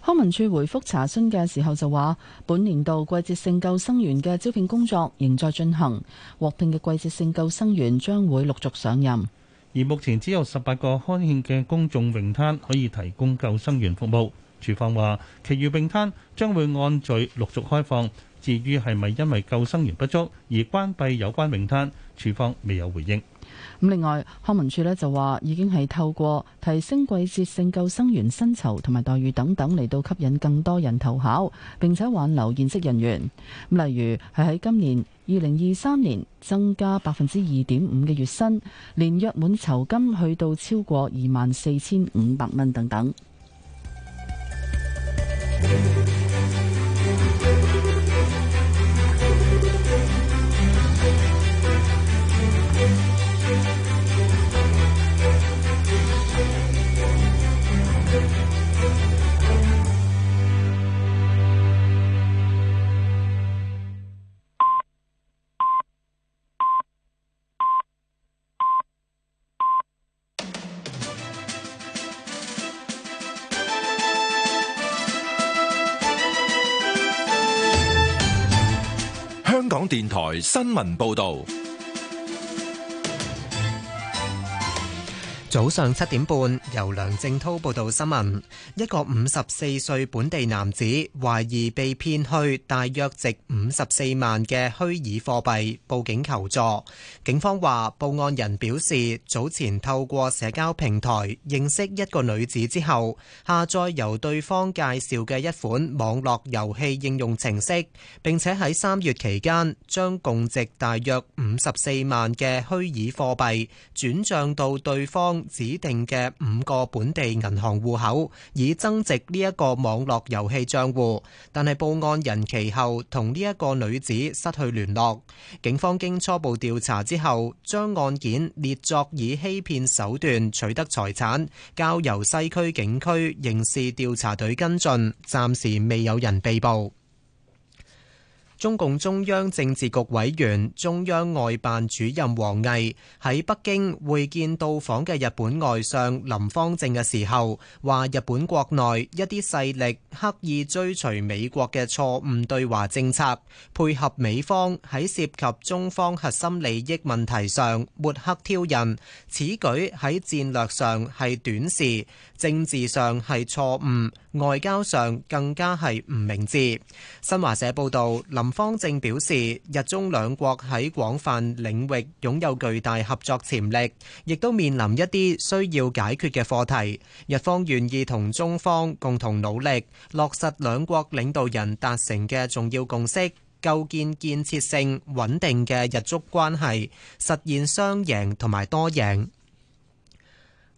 康文署回覆查詢嘅時候就話，本年度季節性救生員嘅招聘工作仍在進行，獲聘嘅季節性救生員將會陸續上任。而目前只有十八個開獻嘅公眾泳灘可以提供救生員服務。署方話，其餘泳灘將會按序陸續開放。至於係咪因為救生員不足而關閉有關泳灘，署方未有回應。咁另外，康文署呢就話已經係透過提升季節性救生員薪酬同埋待遇等等嚟到吸引更多人投考，並且挽留現職人員。咁例如係喺今年二零二三年增加百分之二點五嘅月薪，年約滿酬金去到超過二萬四千五百蚊等等。台新聞報導。早上七點半，由梁正濤報道新聞。一個五十四歲本地男子懷疑被騙去大約值五十四萬嘅虛擬貨幣，報警求助。警方話，報案人表示早前透過社交平台認識一個女子之後，下載由對方介紹嘅一款網絡遊戲應用程式，並且喺三月期間將共值大約五十四萬嘅虛擬貨幣轉賬到對方。指定嘅五個本地銀行戶口以增值呢一個網絡遊戲賬戶，但係報案人其後同呢一個女子失去聯絡。警方經初步調查之後，將案件列作以欺騙手段取得財產，交由西區警區刑事調查隊跟進，暫時未有人被捕。中共中央政治局委員、中央外辦主任王毅喺北京會見到訪嘅日本外相林芳正嘅時候，話日本國內一啲勢力刻意追隨美國嘅錯誤對華政策，配合美方喺涉及中方核心利益問題上抹黑挑釁，此舉喺戰略上係短視，政治上係錯誤，外交上更加係唔明智。新華社報道林。方正表示，日中兩國喺廣泛領域擁有巨大合作潛力，亦都面臨一啲需要解決嘅課題。日方願意同中方共同努力，落實兩國領導人達成嘅重要共識，構建建設性穩定嘅日中關係，實現雙贏同埋多贏。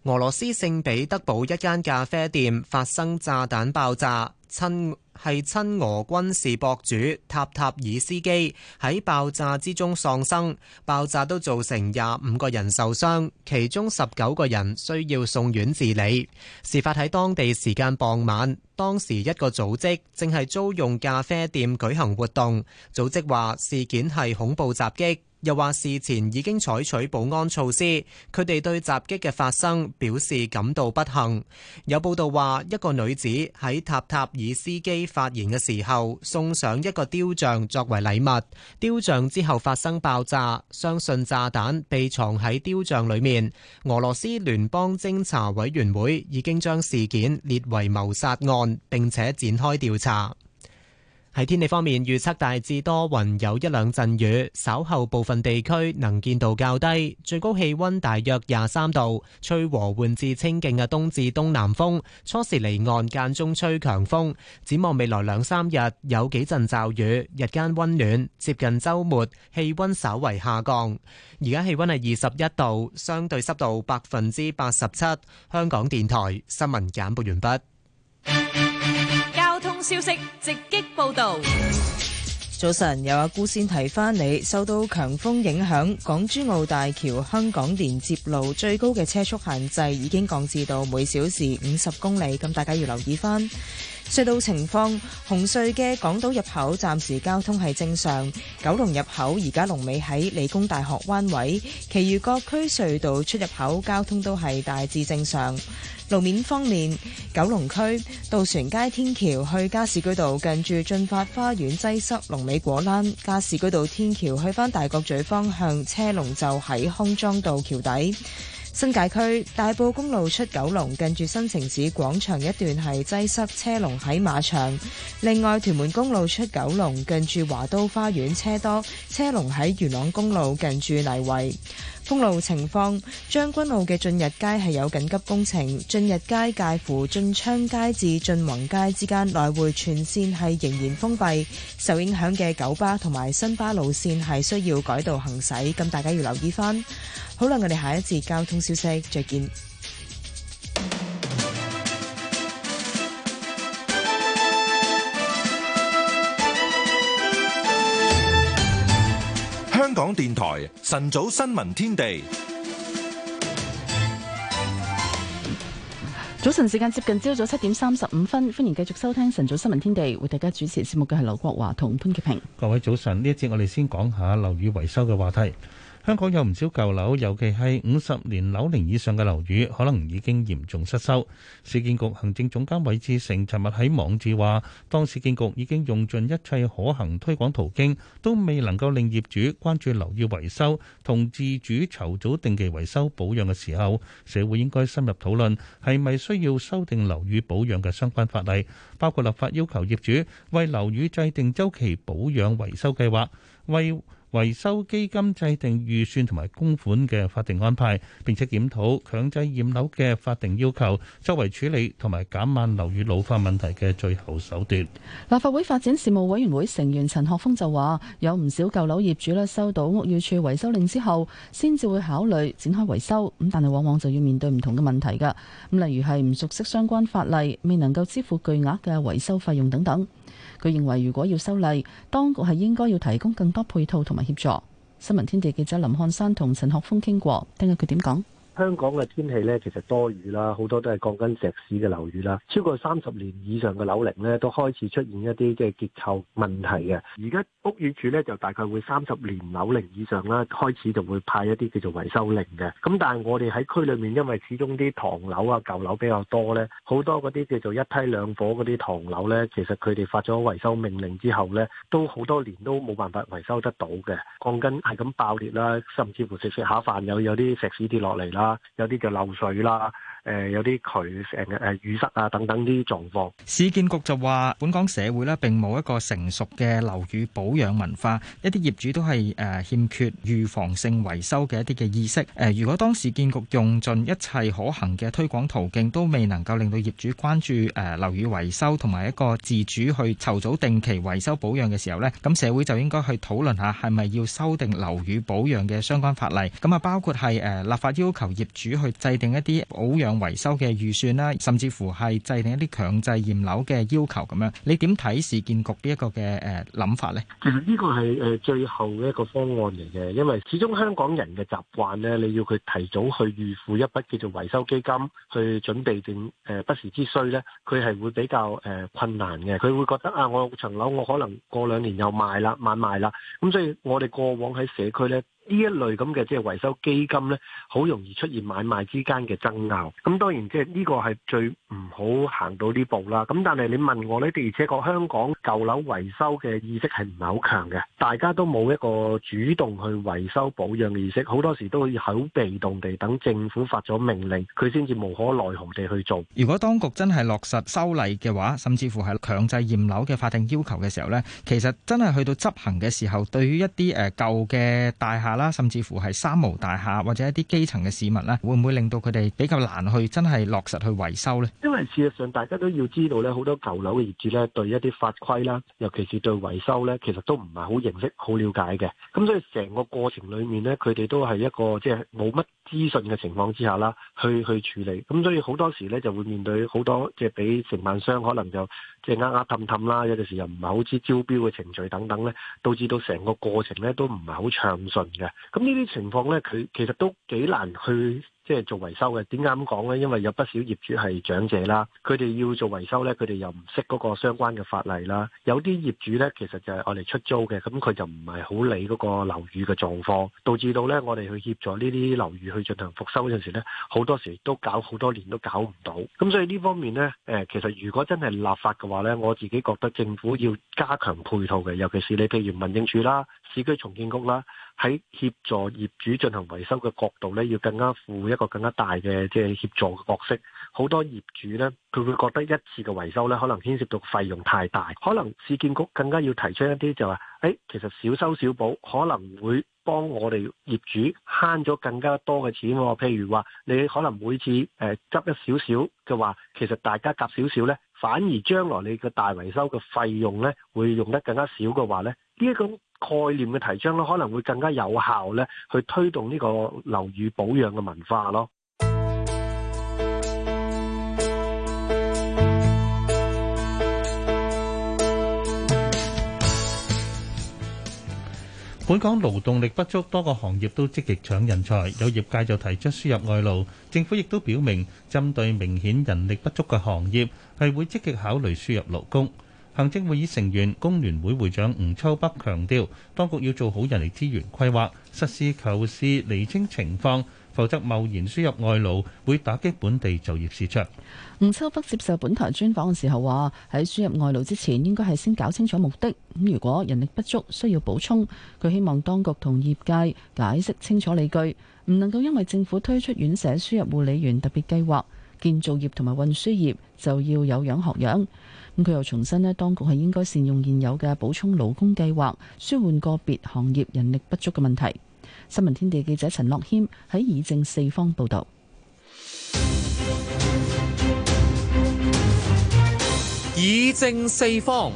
俄羅斯聖彼得堡一間咖啡店發生炸彈爆炸，親係親俄軍事博主塔塔爾斯基喺爆炸之中喪生，爆炸都造成廿五個人受傷，其中十九個人需要送院治理。事發喺當地時間傍晚，當時一個組織正係租用咖啡店舉行活動，組織話事件係恐怖襲擊。又話事前已經採取保安措施，佢哋對襲擊嘅發生表示感到不幸。有報道話，一個女子喺塔塔爾斯基發言嘅時候送上一個雕像作為禮物，雕像之後發生爆炸，相信炸彈被藏喺雕像裡面。俄羅斯聯邦偵查委員會已經將事件列為謀殺案，並且展開調查。喺天氣方面預測，大致多雲有一兩陣雨，稍後部分地區能見度較低，最高氣溫大約廿三度，吹和緩至清勁嘅東至東南風，初時離岸間中吹強風。展望未來兩三日有幾陣驟雨，日間溫暖，接近周末氣溫稍為下降。而家氣溫係二十一度，相對濕度百分之八十七。香港電台新聞簡報完畢。消息直擊報道。早晨，有阿姑先提翻你，受到強風影響，港珠澳大橋香港連接路最高嘅車速限制已經降至到每小時五十公里，咁大家要留意翻。隧道情況，紅隧嘅港島入口暫時交通係正常，九龍入口而家龍尾喺理工大學灣位，其餘各區隧道出入口交通都係大致正常。路面方面，九龍區渡船街天橋去加士居道近住進發花園擠塞，龍尾果欄；加士居道天橋去返大角咀方向車龍就喺康莊道橋底。新界區大埔公路出九龍近住新城市廣場一段係擠塞，車龍喺馬場，另外屯門公路出九龍近住華都花園車多，車龍喺元朗公路近住泥圍。公路情況，將軍澳嘅駿日街係有緊急工程，駿日街介乎駿昌街至駿宏街之間來回全線係仍然封閉，受影響嘅九巴同埋新巴路線係需要改道行駛，咁大家要留意翻。好啦，我哋下一節交通消息，再見。香港電台晨早新聞天地，早晨時間接近朝早七點三十五分，歡迎繼續收聽晨早新聞天地，為大家主持節目嘅係劉國華同潘潔平。各位早晨，呢一節我哋先講下樓宇維修嘅話題。香港有唔少舊樓，尤其係五十年樓齡以上嘅樓宇，可能已經嚴重失修。市建局行政總監韋志成尋日喺網誌話：當市建局已經用盡一切可行推廣途徑，都未能夠令業主關注樓宇維修同自主籌組定期維修保養嘅時候，社會應該深入討論係咪需要修訂樓宇保養嘅相關法例，包括立法要求業主為樓宇制定週期保養維修計劃，為維修基金制定預算同埋供款嘅法定安排，並且檢討強制驗樓嘅法定要求，作為處理同埋減慢樓宇老化問題嘅最後手段。立法會發展事務委員會成員陳學鋒就話：有唔少舊樓業主咧收到屋宇署維修令之後，先至會考慮展開維修，咁但係往往就要面對唔同嘅問題㗎。咁例如係唔熟悉相關法例，未能夠支付巨額嘅維修費用等等。佢認為，如果要修例，當局係應該要提供更多配套同埋協助。新聞天地記者林漢山同陳學峰傾過，聽下佢點講？香港嘅天氣咧，其實多雨啦，好多都係鋼筋石屎嘅樓宇啦。超過三十年以上嘅樓齡咧，都開始出現一啲即係結構問題嘅。而家屋宇署咧就大概會三十年樓齡以上啦，開始就會派一啲叫做維修令嘅。咁但係我哋喺區裏面，因為始終啲唐樓啊舊樓比較多咧，好多嗰啲叫做一梯兩夥嗰啲唐樓咧，其實佢哋發咗維修命令之後咧，都好多年都冇辦法維修得到嘅，鋼筋係咁爆裂啦，甚至乎食食下飯又有啲石屎跌落嚟啦。有啲就漏水啦。誒有啲渠誒誒雨塞啊等等啲狀況，市建局就話：本港社會咧並冇一個成熟嘅樓宇保養文化，一啲業主都係誒欠缺預防性維修嘅一啲嘅意識。誒如果當市建局用盡一切可行嘅推廣途徑都未能夠令到業主關注誒樓宇維修同埋一個自主去籌早定期維修保養嘅時候咧，咁社會就應該去討論下係咪要修訂樓宇保養嘅相關法例。咁啊包括係誒立法要求業主去制定一啲保養維修嘅預算啦，甚至乎係制定一啲強制驗樓嘅要求咁樣，你點睇市建局呢一個嘅誒諗法咧？其實呢個係誒最後嘅一個方案嚟嘅，因為始終香港人嘅習慣咧，你要佢提早去預付一筆叫做維修基金去準備定誒不時之需咧，佢係會比較誒困難嘅，佢會覺得啊，我層樓我可能過兩年又賣啦，買賣啦，咁所以我哋過往喺社區咧。呢一類咁嘅即係維修基金咧，好容易出現買賣之間嘅爭拗。咁當然即係呢個係最唔好行到呢步啦。咁但係你問我咧，的而且確香港舊樓維修嘅意識係唔係好強嘅？大家都冇一個主動去維修保養嘅意識，好多時都要係好被動地等政府發咗命令，佢先至無可奈何地去做。如果當局真係落實修例嘅話，甚至乎係強制驗樓嘅法定要求嘅時候咧，其實真係去到執行嘅時候，對於一啲誒舊嘅大廈，甚至乎係三無大廈或者一啲基層嘅市民咧，會唔會令到佢哋比較難去真係落實去維修呢？因為事實上，大家都要知道咧，好多舊樓嘅業主咧，對一啲法規啦，尤其是對維修咧，其實都唔係好認識、好了解嘅。咁所以成個過程裡面咧，佢哋都係一個即係冇乜資訊嘅情況之下啦，去去處理。咁所以好多時咧，就會面對好多即係俾承辦商可能就。即係呃呃氹氹啦，有陣時又唔係好知招標嘅程序等等咧，導致到成個過程咧都唔係好暢順嘅。咁呢啲情況咧，佢其實都幾難去。 [MUSIC] 即係做維修嘅，點解咁講呢？因為有不少業主係長者啦，佢哋要做維修呢，佢哋又唔識嗰個相關嘅法例啦。有啲業主呢，其實就係我哋出租嘅，咁佢就唔係好理嗰個樓宇嘅狀況，導致到呢，我哋去協助呢啲樓宇去進行復修嗰陣時呢，好多時都搞好多年都搞唔到。咁所以呢方面呢，誒，其實如果真係立法嘅話呢，我自己覺得政府要加強配套嘅，尤其是你譬如民政處啦、市區重建局啦。喺協助業主進行維修嘅角度咧，要更加負一個更加大嘅即係協助嘅角色。好多業主咧，佢會覺得一次嘅維修咧，可能牽涉到費用太大。可能市建局更加要提出一啲就話、是：，誒、哎，其實小修小補可能會幫我哋業主慳咗更加多嘅錢。譬如話，你可能每次誒執、呃、一少少嘅話，其實大家夾少少咧，反而將來你嘅大維修嘅費用咧，會用得更加少嘅話咧，呢、這、一個。概念嘅提倡咯，可能會更加有效咧，去推動呢個樓宇保養嘅文化咯。本港勞動力不足，多個行業都積極搶人才，有業界就提出輸入外勞，政府亦都表明針對明顯人力不足嘅行業，係會積極考慮輸入勞工。行政會議成員工聯會會長吳秋北強調，當局要做好人力資源規劃，實事求是釐清情況，否則貿然輸入外勞會打擊本地就業市場。吳秋北接受本台專訪嘅時候話：喺輸入外勞之前，應該係先搞清楚目的。咁如果人力不足需要補充，佢希望當局同業界解釋清楚理據，唔能夠因為政府推出院舍輸入護理員特別計劃、建造業同埋運輸業就要有樣學樣。咁佢又重申呢，當局係應該善用現有嘅補充勞工計劃，舒緩個別行業人力不足嘅問題。新聞天地記者陳樂謙喺以正四方報道。以正四方，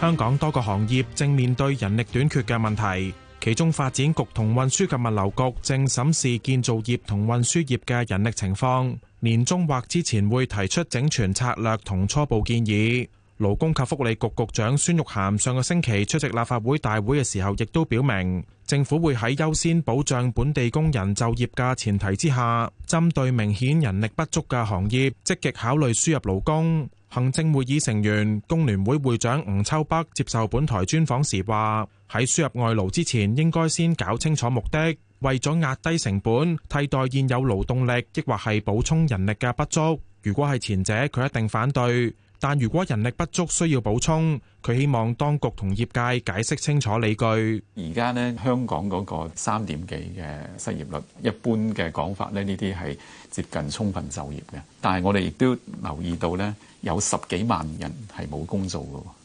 香港多個行業正面對人力短缺嘅問題。其中發展局同運輸及物流局正審視建造業同運輸業嘅人力情況，年中或之前會提出整全策略同初步建議。勞工及福利局局長孫玉涵上個星期出席立法會大會嘅時候，亦都表明政府會喺優先保障本地工人就業嘅前提之下，針對明顯人力不足嘅行業，積極考慮輸入勞工。行政會議成員工聯會會長吳秋北接受本台專訪時話：「喺輸入外勞之前，應該先搞清楚目的。為咗壓低成本，替代現有勞動力，抑或係補充人力嘅不足。如果係前者，佢一定反對；但如果人力不足需要補充，佢希望當局同業界解釋清楚理據。而家呢，香港嗰個三點幾嘅失業率，一般嘅講法呢，呢啲係接近充分就業嘅。但係我哋亦都留意到呢，有十幾萬人係冇工做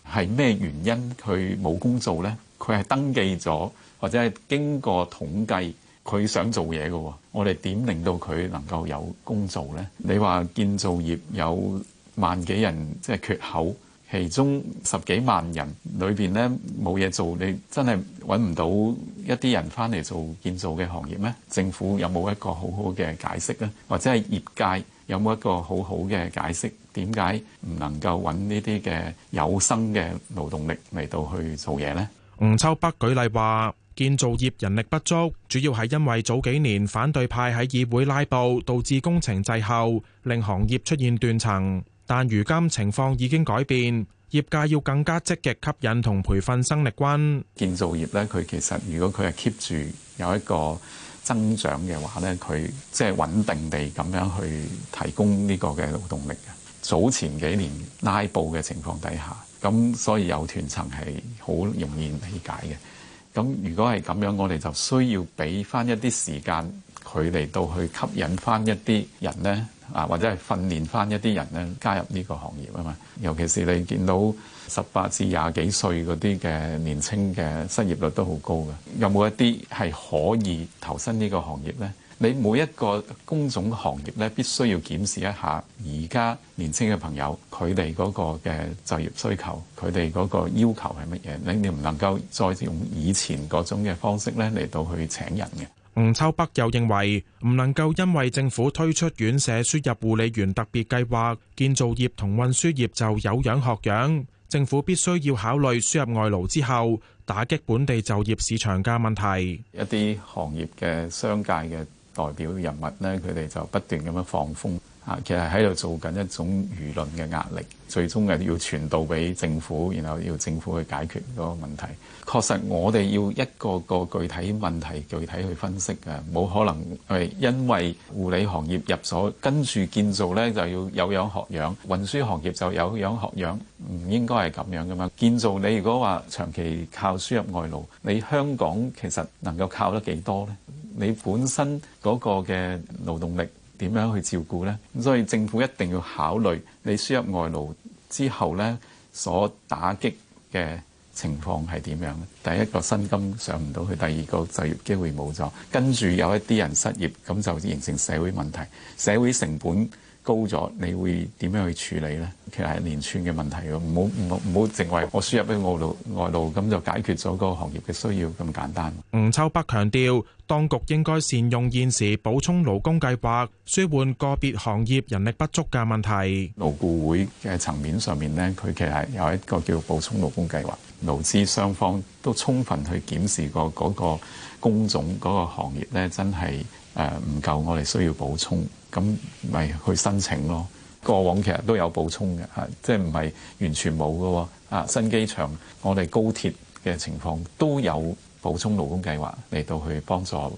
嘅，係咩原因佢冇工做呢？佢係登記咗或者係經過統計，佢想做嘢嘅。我哋點令到佢能夠有工做呢？你話建造業有萬幾人即係、就是、缺口，其中十幾萬人裏邊呢，冇嘢做，你真係揾唔到一啲人翻嚟做建造嘅行業咩？政府有冇一個好好嘅解釋呢？或者係業界有冇一個好好嘅解釋？點解唔能夠揾呢啲嘅有生嘅勞動力嚟到去做嘢呢？吳秋北舉例話，建造業人力不足，主要係因為早幾年反對派喺議會拉布，導致工程滯後，令行業出現斷層。但如今情況已經改變，業界要更加積極吸引同培訓生力軍。建造業咧，佢其實如果佢係 keep 住有一個增長嘅話咧，佢即係穩定地咁樣去提供呢個嘅勞動力嘅。早前幾年拉布嘅情況底下，咁所以有斷層係好容易理解嘅。咁如果係咁樣，我哋就需要俾翻一啲時間佢嚟到去吸引翻一啲人呢，啊或者係訓練翻一啲人呢，加入呢個行業啊嘛。尤其是你見到十八至廿幾歲嗰啲嘅年青嘅失業率都好高嘅，有冇一啲係可以投身呢個行業呢？你每一個工種行業咧，必須要檢視一下，而家年輕嘅朋友佢哋嗰個嘅就業需求，佢哋嗰個要求係乜嘢？你唔能夠再用以前嗰種嘅方式咧嚟到去請人嘅。吳秋北又認為唔能夠因為政府推出院舍輸入護理員特別計劃，建造業同運輸業就有樣學樣。政府必須要考慮輸入外勞之後，打擊本地就業市場嘅問題，一啲行業嘅商界嘅。代表人物咧，佢哋就不斷咁樣放風，啊，其實喺度做緊一種輿論嘅壓力，最終係要傳導俾政府，然後要政府去解決嗰個問題。確實，我哋要一個個具體問題具體去分析嘅，冇可能係因，因為護理行業入咗跟住建造咧就要有樣學樣，運輸行業就有樣學樣，唔應該，係咁樣噶嘛。建造你如果話長期靠輸入外勞，你香港其實能夠靠得幾多呢？你本身嗰個嘅勞動力點樣去照顧咧？所以政府一定要考慮你輸入外勞之後咧，所打擊嘅情況係點樣？第一個薪金上唔到去，第二個就業機會冇咗，跟住有一啲人失業，咁就形成社會問題，社會成本。高咗，你會點樣去處理呢？其實係連串嘅問題，唔好唔好唔好淨為我輸入俾外勞外勞，咁就解決咗個行業嘅需要咁簡單。吳秋北強調，當局應該善用現時補充勞工計劃，舒緩個別行業人力不足嘅問題。勞顧會嘅層面上面呢，佢其實有一個叫補充勞工計劃，勞資雙方都充分去檢視過嗰個工種嗰個行業咧，真係誒唔夠我哋需要補充，咁咪去申請咯。過往其實都有補充嘅，即係唔係完全冇㗎喎。啊，新機場我哋高鐵嘅情況都有補充勞工計劃嚟到去幫助誒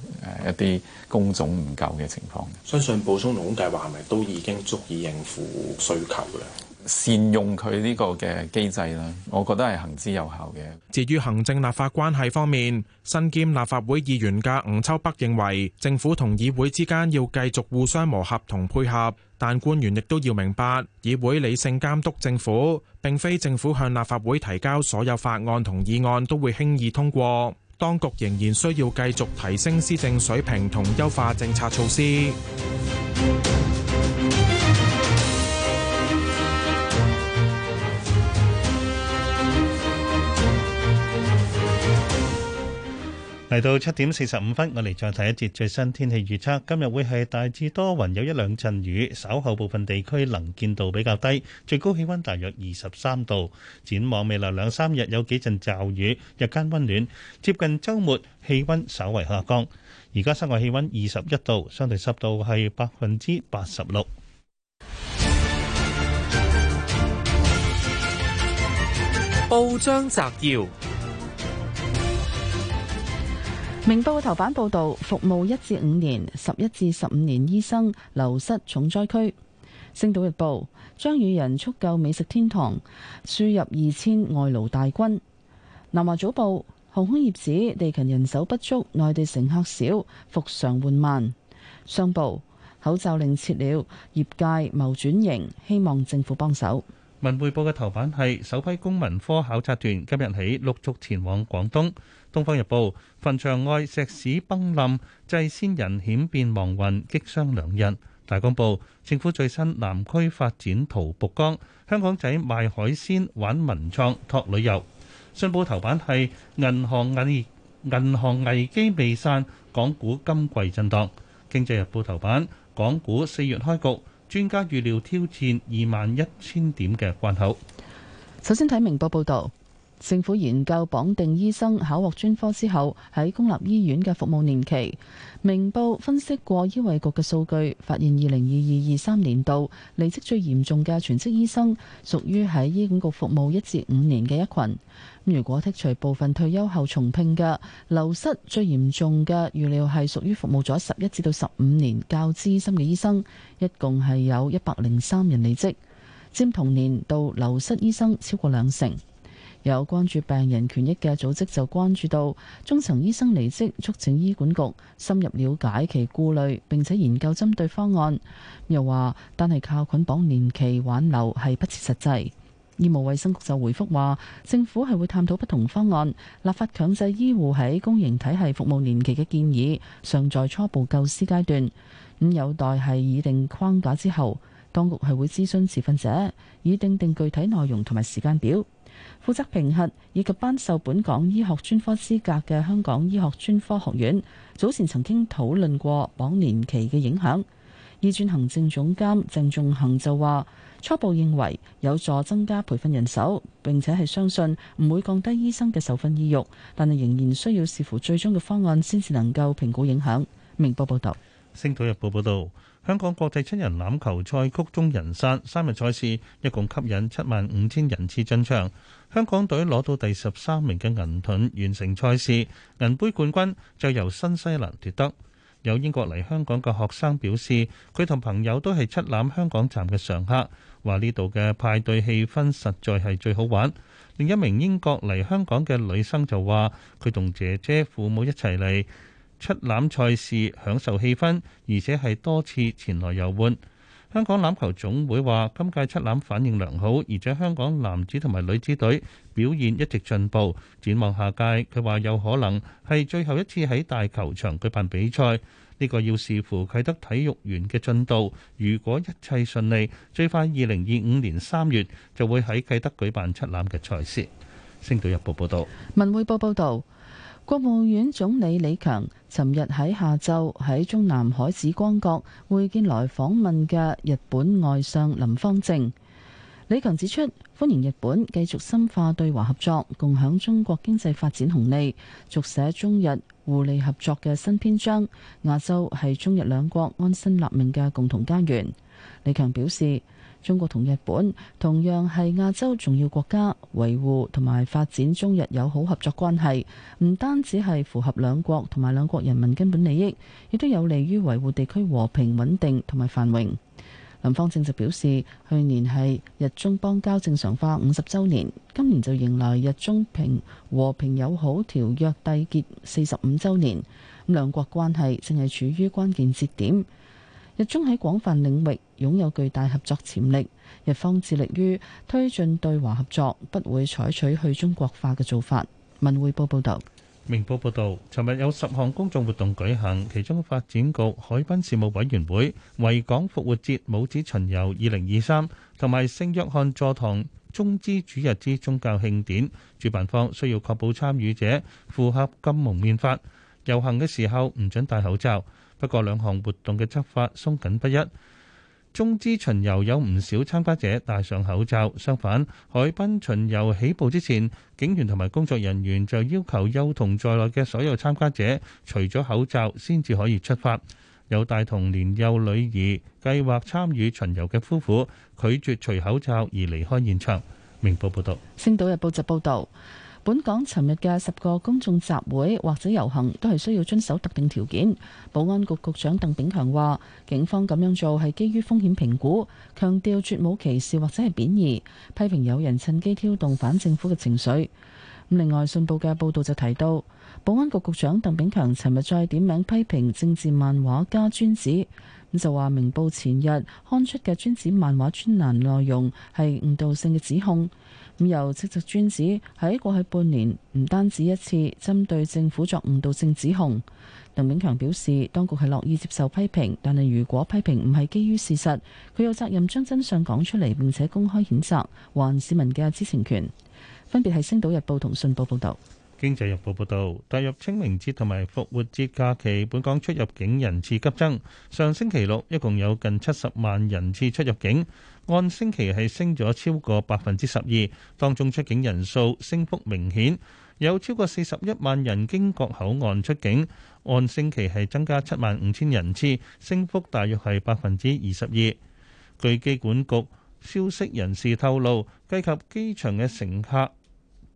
一啲工種唔夠嘅情況。相信補充勞工計劃係咪都已經足以應付需求嘅？善用佢呢個嘅機制啦，我覺得係行之有效嘅。至於行政立法關係方面，身兼立法會議員嘅吳秋北認為，政府同議會之間要繼續互相磨合同配合，但官員亦都要明白，議會理性監督政府，並非政府向立法會提交所有法案同議案都會輕易通過，當局仍然需要繼續提升施政水平同優化政策措施。嚟到七點四十五分，我哋再睇一節最新天氣預測。今日會係大致多雲，有一兩陣雨，稍後部分地區能見度比較低，最高氣溫大約二十三度。展望未來兩三日有幾陣驟雨，日間溫暖，接近週末氣溫稍為下降。而家室外氣溫二十一度，相對濕度係百分之八十六。報章摘要。明報頭版報道，服務一至五年、十一至十五年醫生流失重災區。星島日報張宇人速救美食天堂，輸入二千外勞大軍。南華早報航空業指地勤人手不足，內地乘客少，復常緩慢。商報口罩令撤了，業界謀轉型，希望政府幫手。文匯報嘅頭版係首批公民科考察團今日起陸續前往廣東。《東方日報》墳場外石屎崩冧，祭先人險變亡魂，擊傷兩人。大公報政府最新南區發展圖曝光，香港仔賣海鮮玩文創拓旅遊。信報頭版係銀行銀銀行危機未散，港股今季震盪。經濟日報頭版港股四月開局，專家預料挑戰二萬一千點嘅關口。首先睇明報報導。政府研究綁定醫生考獲專科之後，喺公立醫院嘅服務年期。明報分析過醫衛局嘅數據，發現二零二二二三年度離職最嚴重嘅全職醫生屬於喺醫管局服務一至五年嘅一群。如果剔除部分退休後重聘嘅，流失最嚴重嘅預料係屬於服務咗十一至到十五年較資深嘅醫生，一共係有一百零三人離職，佔同年度流失醫生超過兩成。有關注病人權益嘅組織就關注到中層醫生離職，促請醫管局深入了解其顧慮，並且研究針對方案。又話，但係靠捆綁年期挽留係不切實際。醫務衛生局就回覆話，政府係會探討不同方案，立法強制醫護喺公營體系服務年期嘅建議尚在初步構思階段，咁有待係擬定框架之後，當局係會諮詢持份者，以定定具體內容同埋時間表。負責評核以及頒授本港醫學專科資格嘅香港醫學專科學院，早前曾經討論過往年期嘅影響。醫專行政總監鄭仲恒就話，初步認為有助增加培訓人手，並且係相信唔會降低醫生嘅受訓意欲，但係仍然需要視乎最終嘅方案，先至能夠評估影響。明報報道，星島日報報道。香港國際七人欖球賽曲終人散，三日賽事一共吸引七萬五千人次進場。香港隊攞到第十三名嘅銀盾，完成賽事。銀杯冠軍就由新西蘭奪得。有英國嚟香港嘅學生表示，佢同朋友都係七欖香港站嘅常客，話呢度嘅派對氣氛實在係最好玩。另一名英國嚟香港嘅女生就話，佢同姐姐、父母一齊嚟。七欖賽事享受氣氛，而且係多次前來遊玩。香港欖球總會話：今屆七欖反應良好，而且香港男子同埋女子隊表現一直進步。展望下屆，佢話有可能係最後一次喺大球場舉辦比賽。呢個要視乎啟德體育園嘅進度。如果一切順利，最快二零二五年三月就會喺啟德舉辦七欖嘅賽事。星島日報報道。文匯報報導。國務院總理李強尋日喺下晝喺中南海紫光閣會見來訪問嘅日本外相林芳正。李強指出，歡迎日本繼續深化對華合作，共享中國經濟發展紅利，續寫中日互利合作嘅新篇章。亞洲係中日兩國安身立命嘅共同家園。李強表示，中國同日本同樣係亞洲重要國家，維護同埋發展中日友好合作關係，唔單止係符合兩國同埋兩國人民根本利益，亦都有利於維護地區和平穩定同埋繁榮。林芳正就表示，去年係日中邦交正常化五十周年，今年就迎來日中平和平友好條約締結四十五周年，咁兩國關係正係處於關鍵節點。日中喺廣泛領域擁有巨大合作潛力，日方致力於推進對華合作，不會採取去中國化嘅做法。文匯報報道：「明報報道，尋日有十項公眾活動舉行，其中發展局海濱事務委員會維港復活節母子巡遊二零二三）同埋聖約翰座堂中之主日之宗教慶典，主辦方需要確保參與者符合金蒙面法，遊行嘅時候唔准戴口罩。不過兩項活動嘅執法鬆緊不一，中資巡遊有唔少參加者戴上口罩，相反海濱巡遊起步之前，警員同埋工作人員就要求幼童在內嘅所有參加者除咗口罩先至可以出發。有帶同年幼女兒計劃參與巡遊嘅夫婦拒絕除口罩而離開現場。明報報導，《星島日報》則報道。本港尋日嘅十個公眾集會或者遊行都係需要遵守特定條件。保安局局長鄧炳強話，警方咁樣做係基於風險評估，強調絕冇歧視或者係貶義，批評有人趁機挑動反政府嘅情緒。咁另外，信報嘅報道就提到，保安局局長鄧炳強尋日再點名批評政治漫畫家尊子。咁就話，《明報》前日刊出嘅尊子漫畫專欄內容係誤導性嘅指控。咁由《即色尊子》喺過去半年唔單止一次針對政府作誤導性指控。鄧炳強表示，當局係樂意接受批評，但係如果批評唔係基於事實，佢有責任將真相講出嚟，並且公開譴責，還市民嘅知情權。分別係《星島日報》同《信報》報道。經濟日報報導，踏入清明節同埋復活節假期，本港出入境人次急增。上星期六一共有近七十萬人次出入境，按星期係升咗超過百分之十二。當中出境人數升幅明顯，有超過四十一萬人經各口岸出境，按星期係增加七萬五千人次，升幅大約係百分之二十二。據機管局消息人士透露，計及機場嘅乘客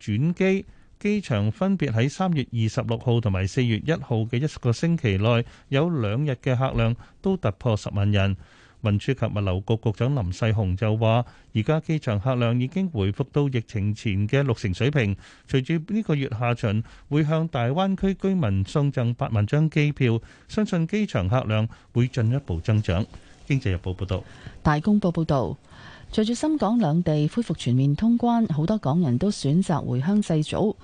轉機。機場分別喺三月二十六號同埋四月一號嘅一個星期內，有兩日嘅客量都突破十萬人。運輸及物流局局長林世雄就話，而家機場客量已經回復到疫情前嘅六成水平。隨住呢個月下旬會向大灣區居民送贈八萬張機票，相信機場客量會進一步增長。經濟日報報道，大公報報道。隨住深港兩地恢復全面通關，好多港人都選擇回鄉祭祖。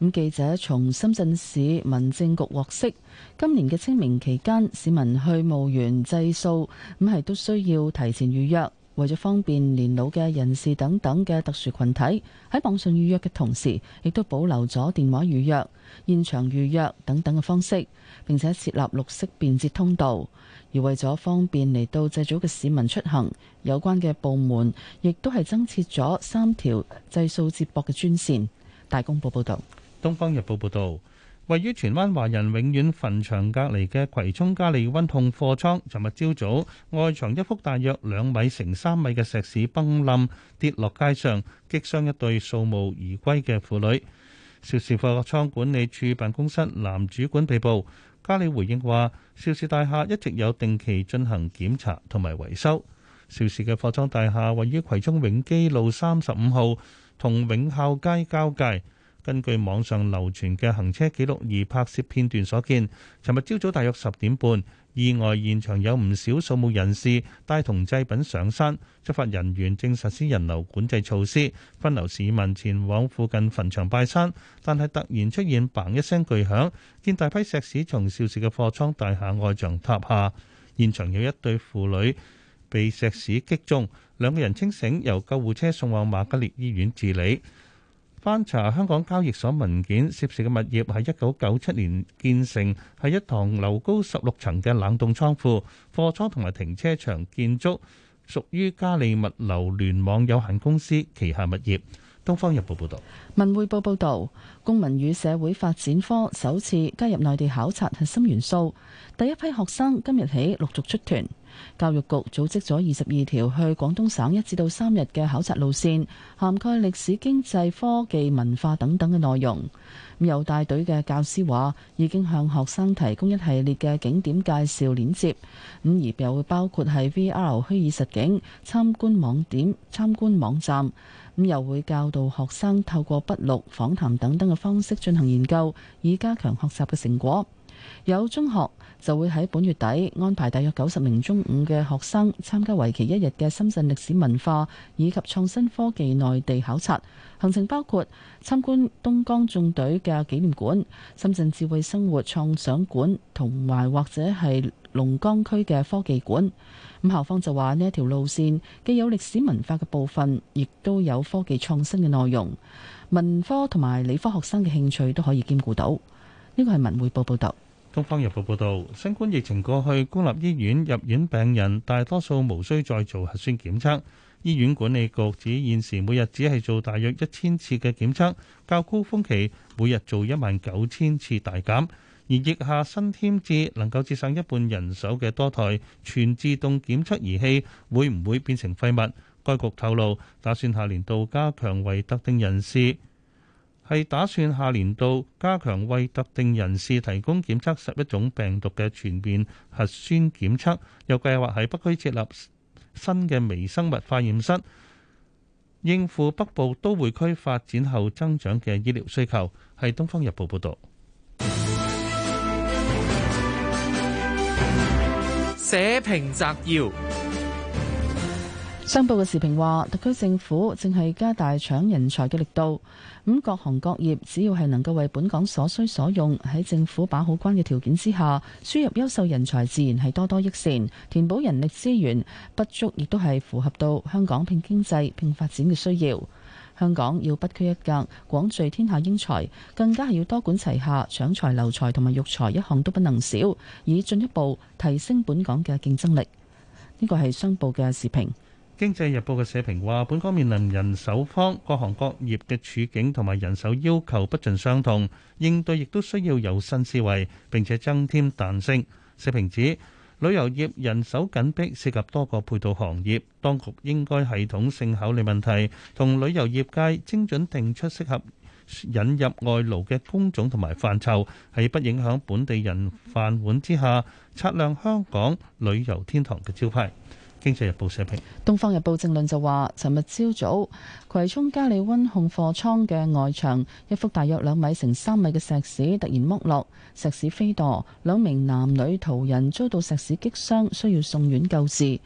咁記者從深圳市民政局獲悉，今年嘅清明期間，市民去墓園祭掃，咁係都需要提前預約。為咗方便年老嘅人士等等嘅特殊群體，喺網上預約嘅同時，亦都保留咗電話預約、現場預約等等嘅方式，並且設立綠色便捷通道。而為咗方便嚟到祭祖嘅市民出行，有關嘅部門亦都係增設咗三條祭掃接駁嘅專線。大公報報道。《東方日報》報道，位於荃灣華人永遠墳場隔離嘅葵涌嘉利溫控貨倉，尋日朝早外牆一幅大約兩米乘三米嘅石屎崩冧，跌落街上，擊傷一對掃墓而歸嘅婦女。肇事貨倉管理處辦公室男主管被捕。嘉里回應話：肇事大廈一直有定期進行檢查同埋維修。肇事嘅貨倉大廈位於葵涌永基路三十五號同永孝街交界。根據網上流傳嘅行車記錄儀拍攝片段所見，尋日朝早大約十點半。意外現場有唔少掃墓人士帶同祭品上山，執法人員正實施人流管制措施，分流市民前往附近墳場拜山。但係突然出現砰一聲巨響，見大批石屎從肇事嘅貨倉大廈外牆塌下，現場有一對婦女被石屎擊中，兩個人清醒，由救護車送往瑪嘉烈醫院治理。翻查香港交易所文件，涉事嘅物業喺一九九七年建成，係一幢樓高十六層嘅冷凍倉庫、貨倉同埋停車場建築，屬於嘉利物流聯網有限公司旗下物業。《東方日報》報道，《文匯報》報道，公民與社會發展科首次加入內地考察核心元素，第一批學生今日起陸續出團。教育局組織咗二十二條去廣東省一至到三日嘅考察路線，涵蓋歷史、經濟、科技、文化等等嘅內容。咁有帶隊嘅教師話，已經向學生提供一系列嘅景點介紹鏈接，咁而又會包括係 VR 虛擬實景參觀網點、參觀網站。又會教導學生透過筆錄、訪談等等嘅方式進行研究，以加強學習嘅成果。有中學就會喺本月底安排大約九十名中五嘅學生參加為期一日嘅深圳歷史文化以及創新科技內地考察行程，包括參觀東江縱隊嘅紀念館、深圳智慧生活創想館，同埋或者係龍崗區嘅科技館。咁校方就話呢一條路線既有歷史文化嘅部分，亦都有科技創新嘅內容，文科同埋理科學生嘅興趣都可以兼顧到。呢個係文匯報報道。東方日報報道，新冠疫情過去，公立醫院入院病人大多數無需再做核酸檢測。醫院管理局指，現時每日只係做大約一千次嘅檢測，較高峰期每日做一萬九千次大減。而疫下新添置能夠節省一半人手嘅多台全自動檢測儀器，會唔會變成廢物？該局透露，打算下年度加強為特定人士，係打算下年度加強為特定人士提供檢測十一種病毒嘅全面核酸檢測，又計劃喺北區設立新嘅微生物化驗室，應付北部都會區發展後增長嘅醫療需求。係《東方日報》報導。社評摘要，商報嘅時評話，特區政府正係加大搶人才嘅力度。咁各行各業只要係能夠為本港所需所用，喺政府把好關嘅條件之下，輸入優秀人才，自然係多多益善，填補人力資源不足，亦都係符合到香港拼經濟拼發展嘅需要。香港要不拘一格廣聚天下英才，更加係要多管齊下，搶才留才同埋育才，一項都不能少，以進一步提升本港嘅競爭力。呢個係商報嘅社評，《經濟日報》嘅社評話，本港面臨人手荒，各行各業嘅處境同埋人手要求不盡相同，應對亦都需要有新思維，並且增添彈性。社評指，旅遊業人手緊迫，涉及多個配套行業，當局應該系統性考慮問題，同旅遊業界精準定出適合引入外勞嘅工種同埋範疇，喺不影響本地人飯碗之下，擦亮香港旅遊天堂嘅招牌。經濟日報社評，《東方日報正論》就話：尋日朝早，葵涌嘉利溫控貨倉嘅外牆一幅大約兩米乘三米嘅石屎突然剝落，石屎飛墮，兩名男女途人遭到石屎擊傷，需要送院救治。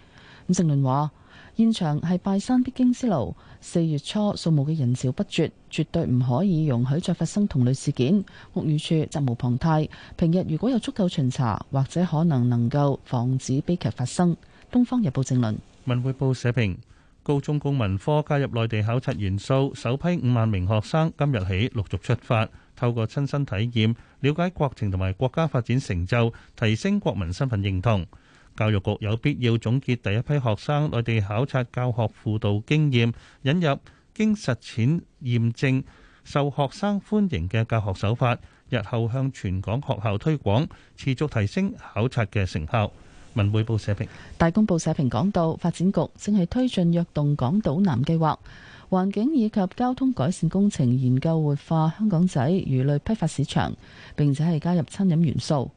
咁正論話：現場係拜山必經之路，四月初掃墓嘅人潮不絕，絕對唔可以容許再發生同類事件。屋宇署責無旁貸，平日如果有足夠巡查，或者可能能夠防止悲劇發生。《東方日報》正論：文匯報社評，高中公民科加入內地考察元素，首批五萬名學生今日起陸續出發，透過親身體驗了解國情同埋國家發展成就，提升國民身份認同。教育局有必要總結第一批學生內地考察教學輔導經驗，引入經實踐驗證、受學生歡迎嘅教學手法，日後向全港學校推廣，持續提升考察嘅成效。文匯報社評，大公報社評講到發展局正係推進躍動港島南計劃，環境以及交通改善工程研究活化香港仔魚類批發市場，並且係加入餐飲元素。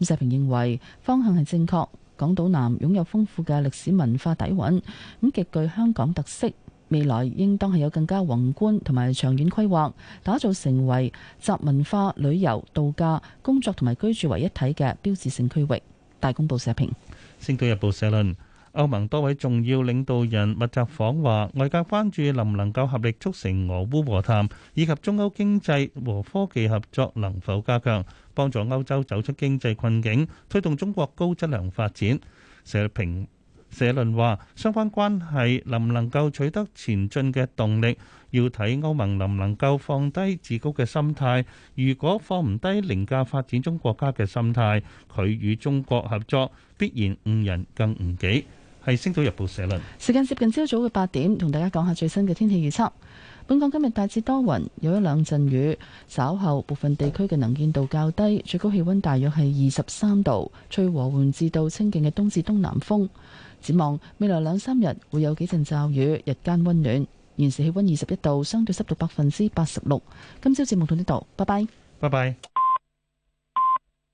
咁社評認為方向係正確，港島南擁有豐富嘅歷史文化底蘊，咁極具香港特色，未來應當係有更加宏觀同埋長遠規劃，打造成為集文化旅遊、度假、工作同埋居住為一體嘅標誌性區域。大公報社評，《星島日報》社論：歐盟多位重要領導人密集訪華，外界關注能唔能夠合力促成俄烏和談，以及中歐經濟和科技合作能否加強，幫助歐洲走出經濟困境，推動中國高質量發展。社評社論話：相關關係能唔能夠取得前進嘅動力？要睇歐盟能唔能夠放低自高嘅心態，如果放唔低凌駕發展中國家嘅心態，佢與中國合作必然誤人更誤己。係《星島日報》社論。時間接近朝早嘅八點，同大家講下最新嘅天氣預測。本港今日大致多雲，有一兩陣雨，稍後部分地區嘅能見度較低，最高氣温大約係二十三度，吹和緩至到清勁嘅東至東南風。展望未來兩三日會有幾陣驟雨，日間温暖。現時氣温二十一度，相對濕度百分之八十六。今朝節目到呢度，拜拜，拜拜。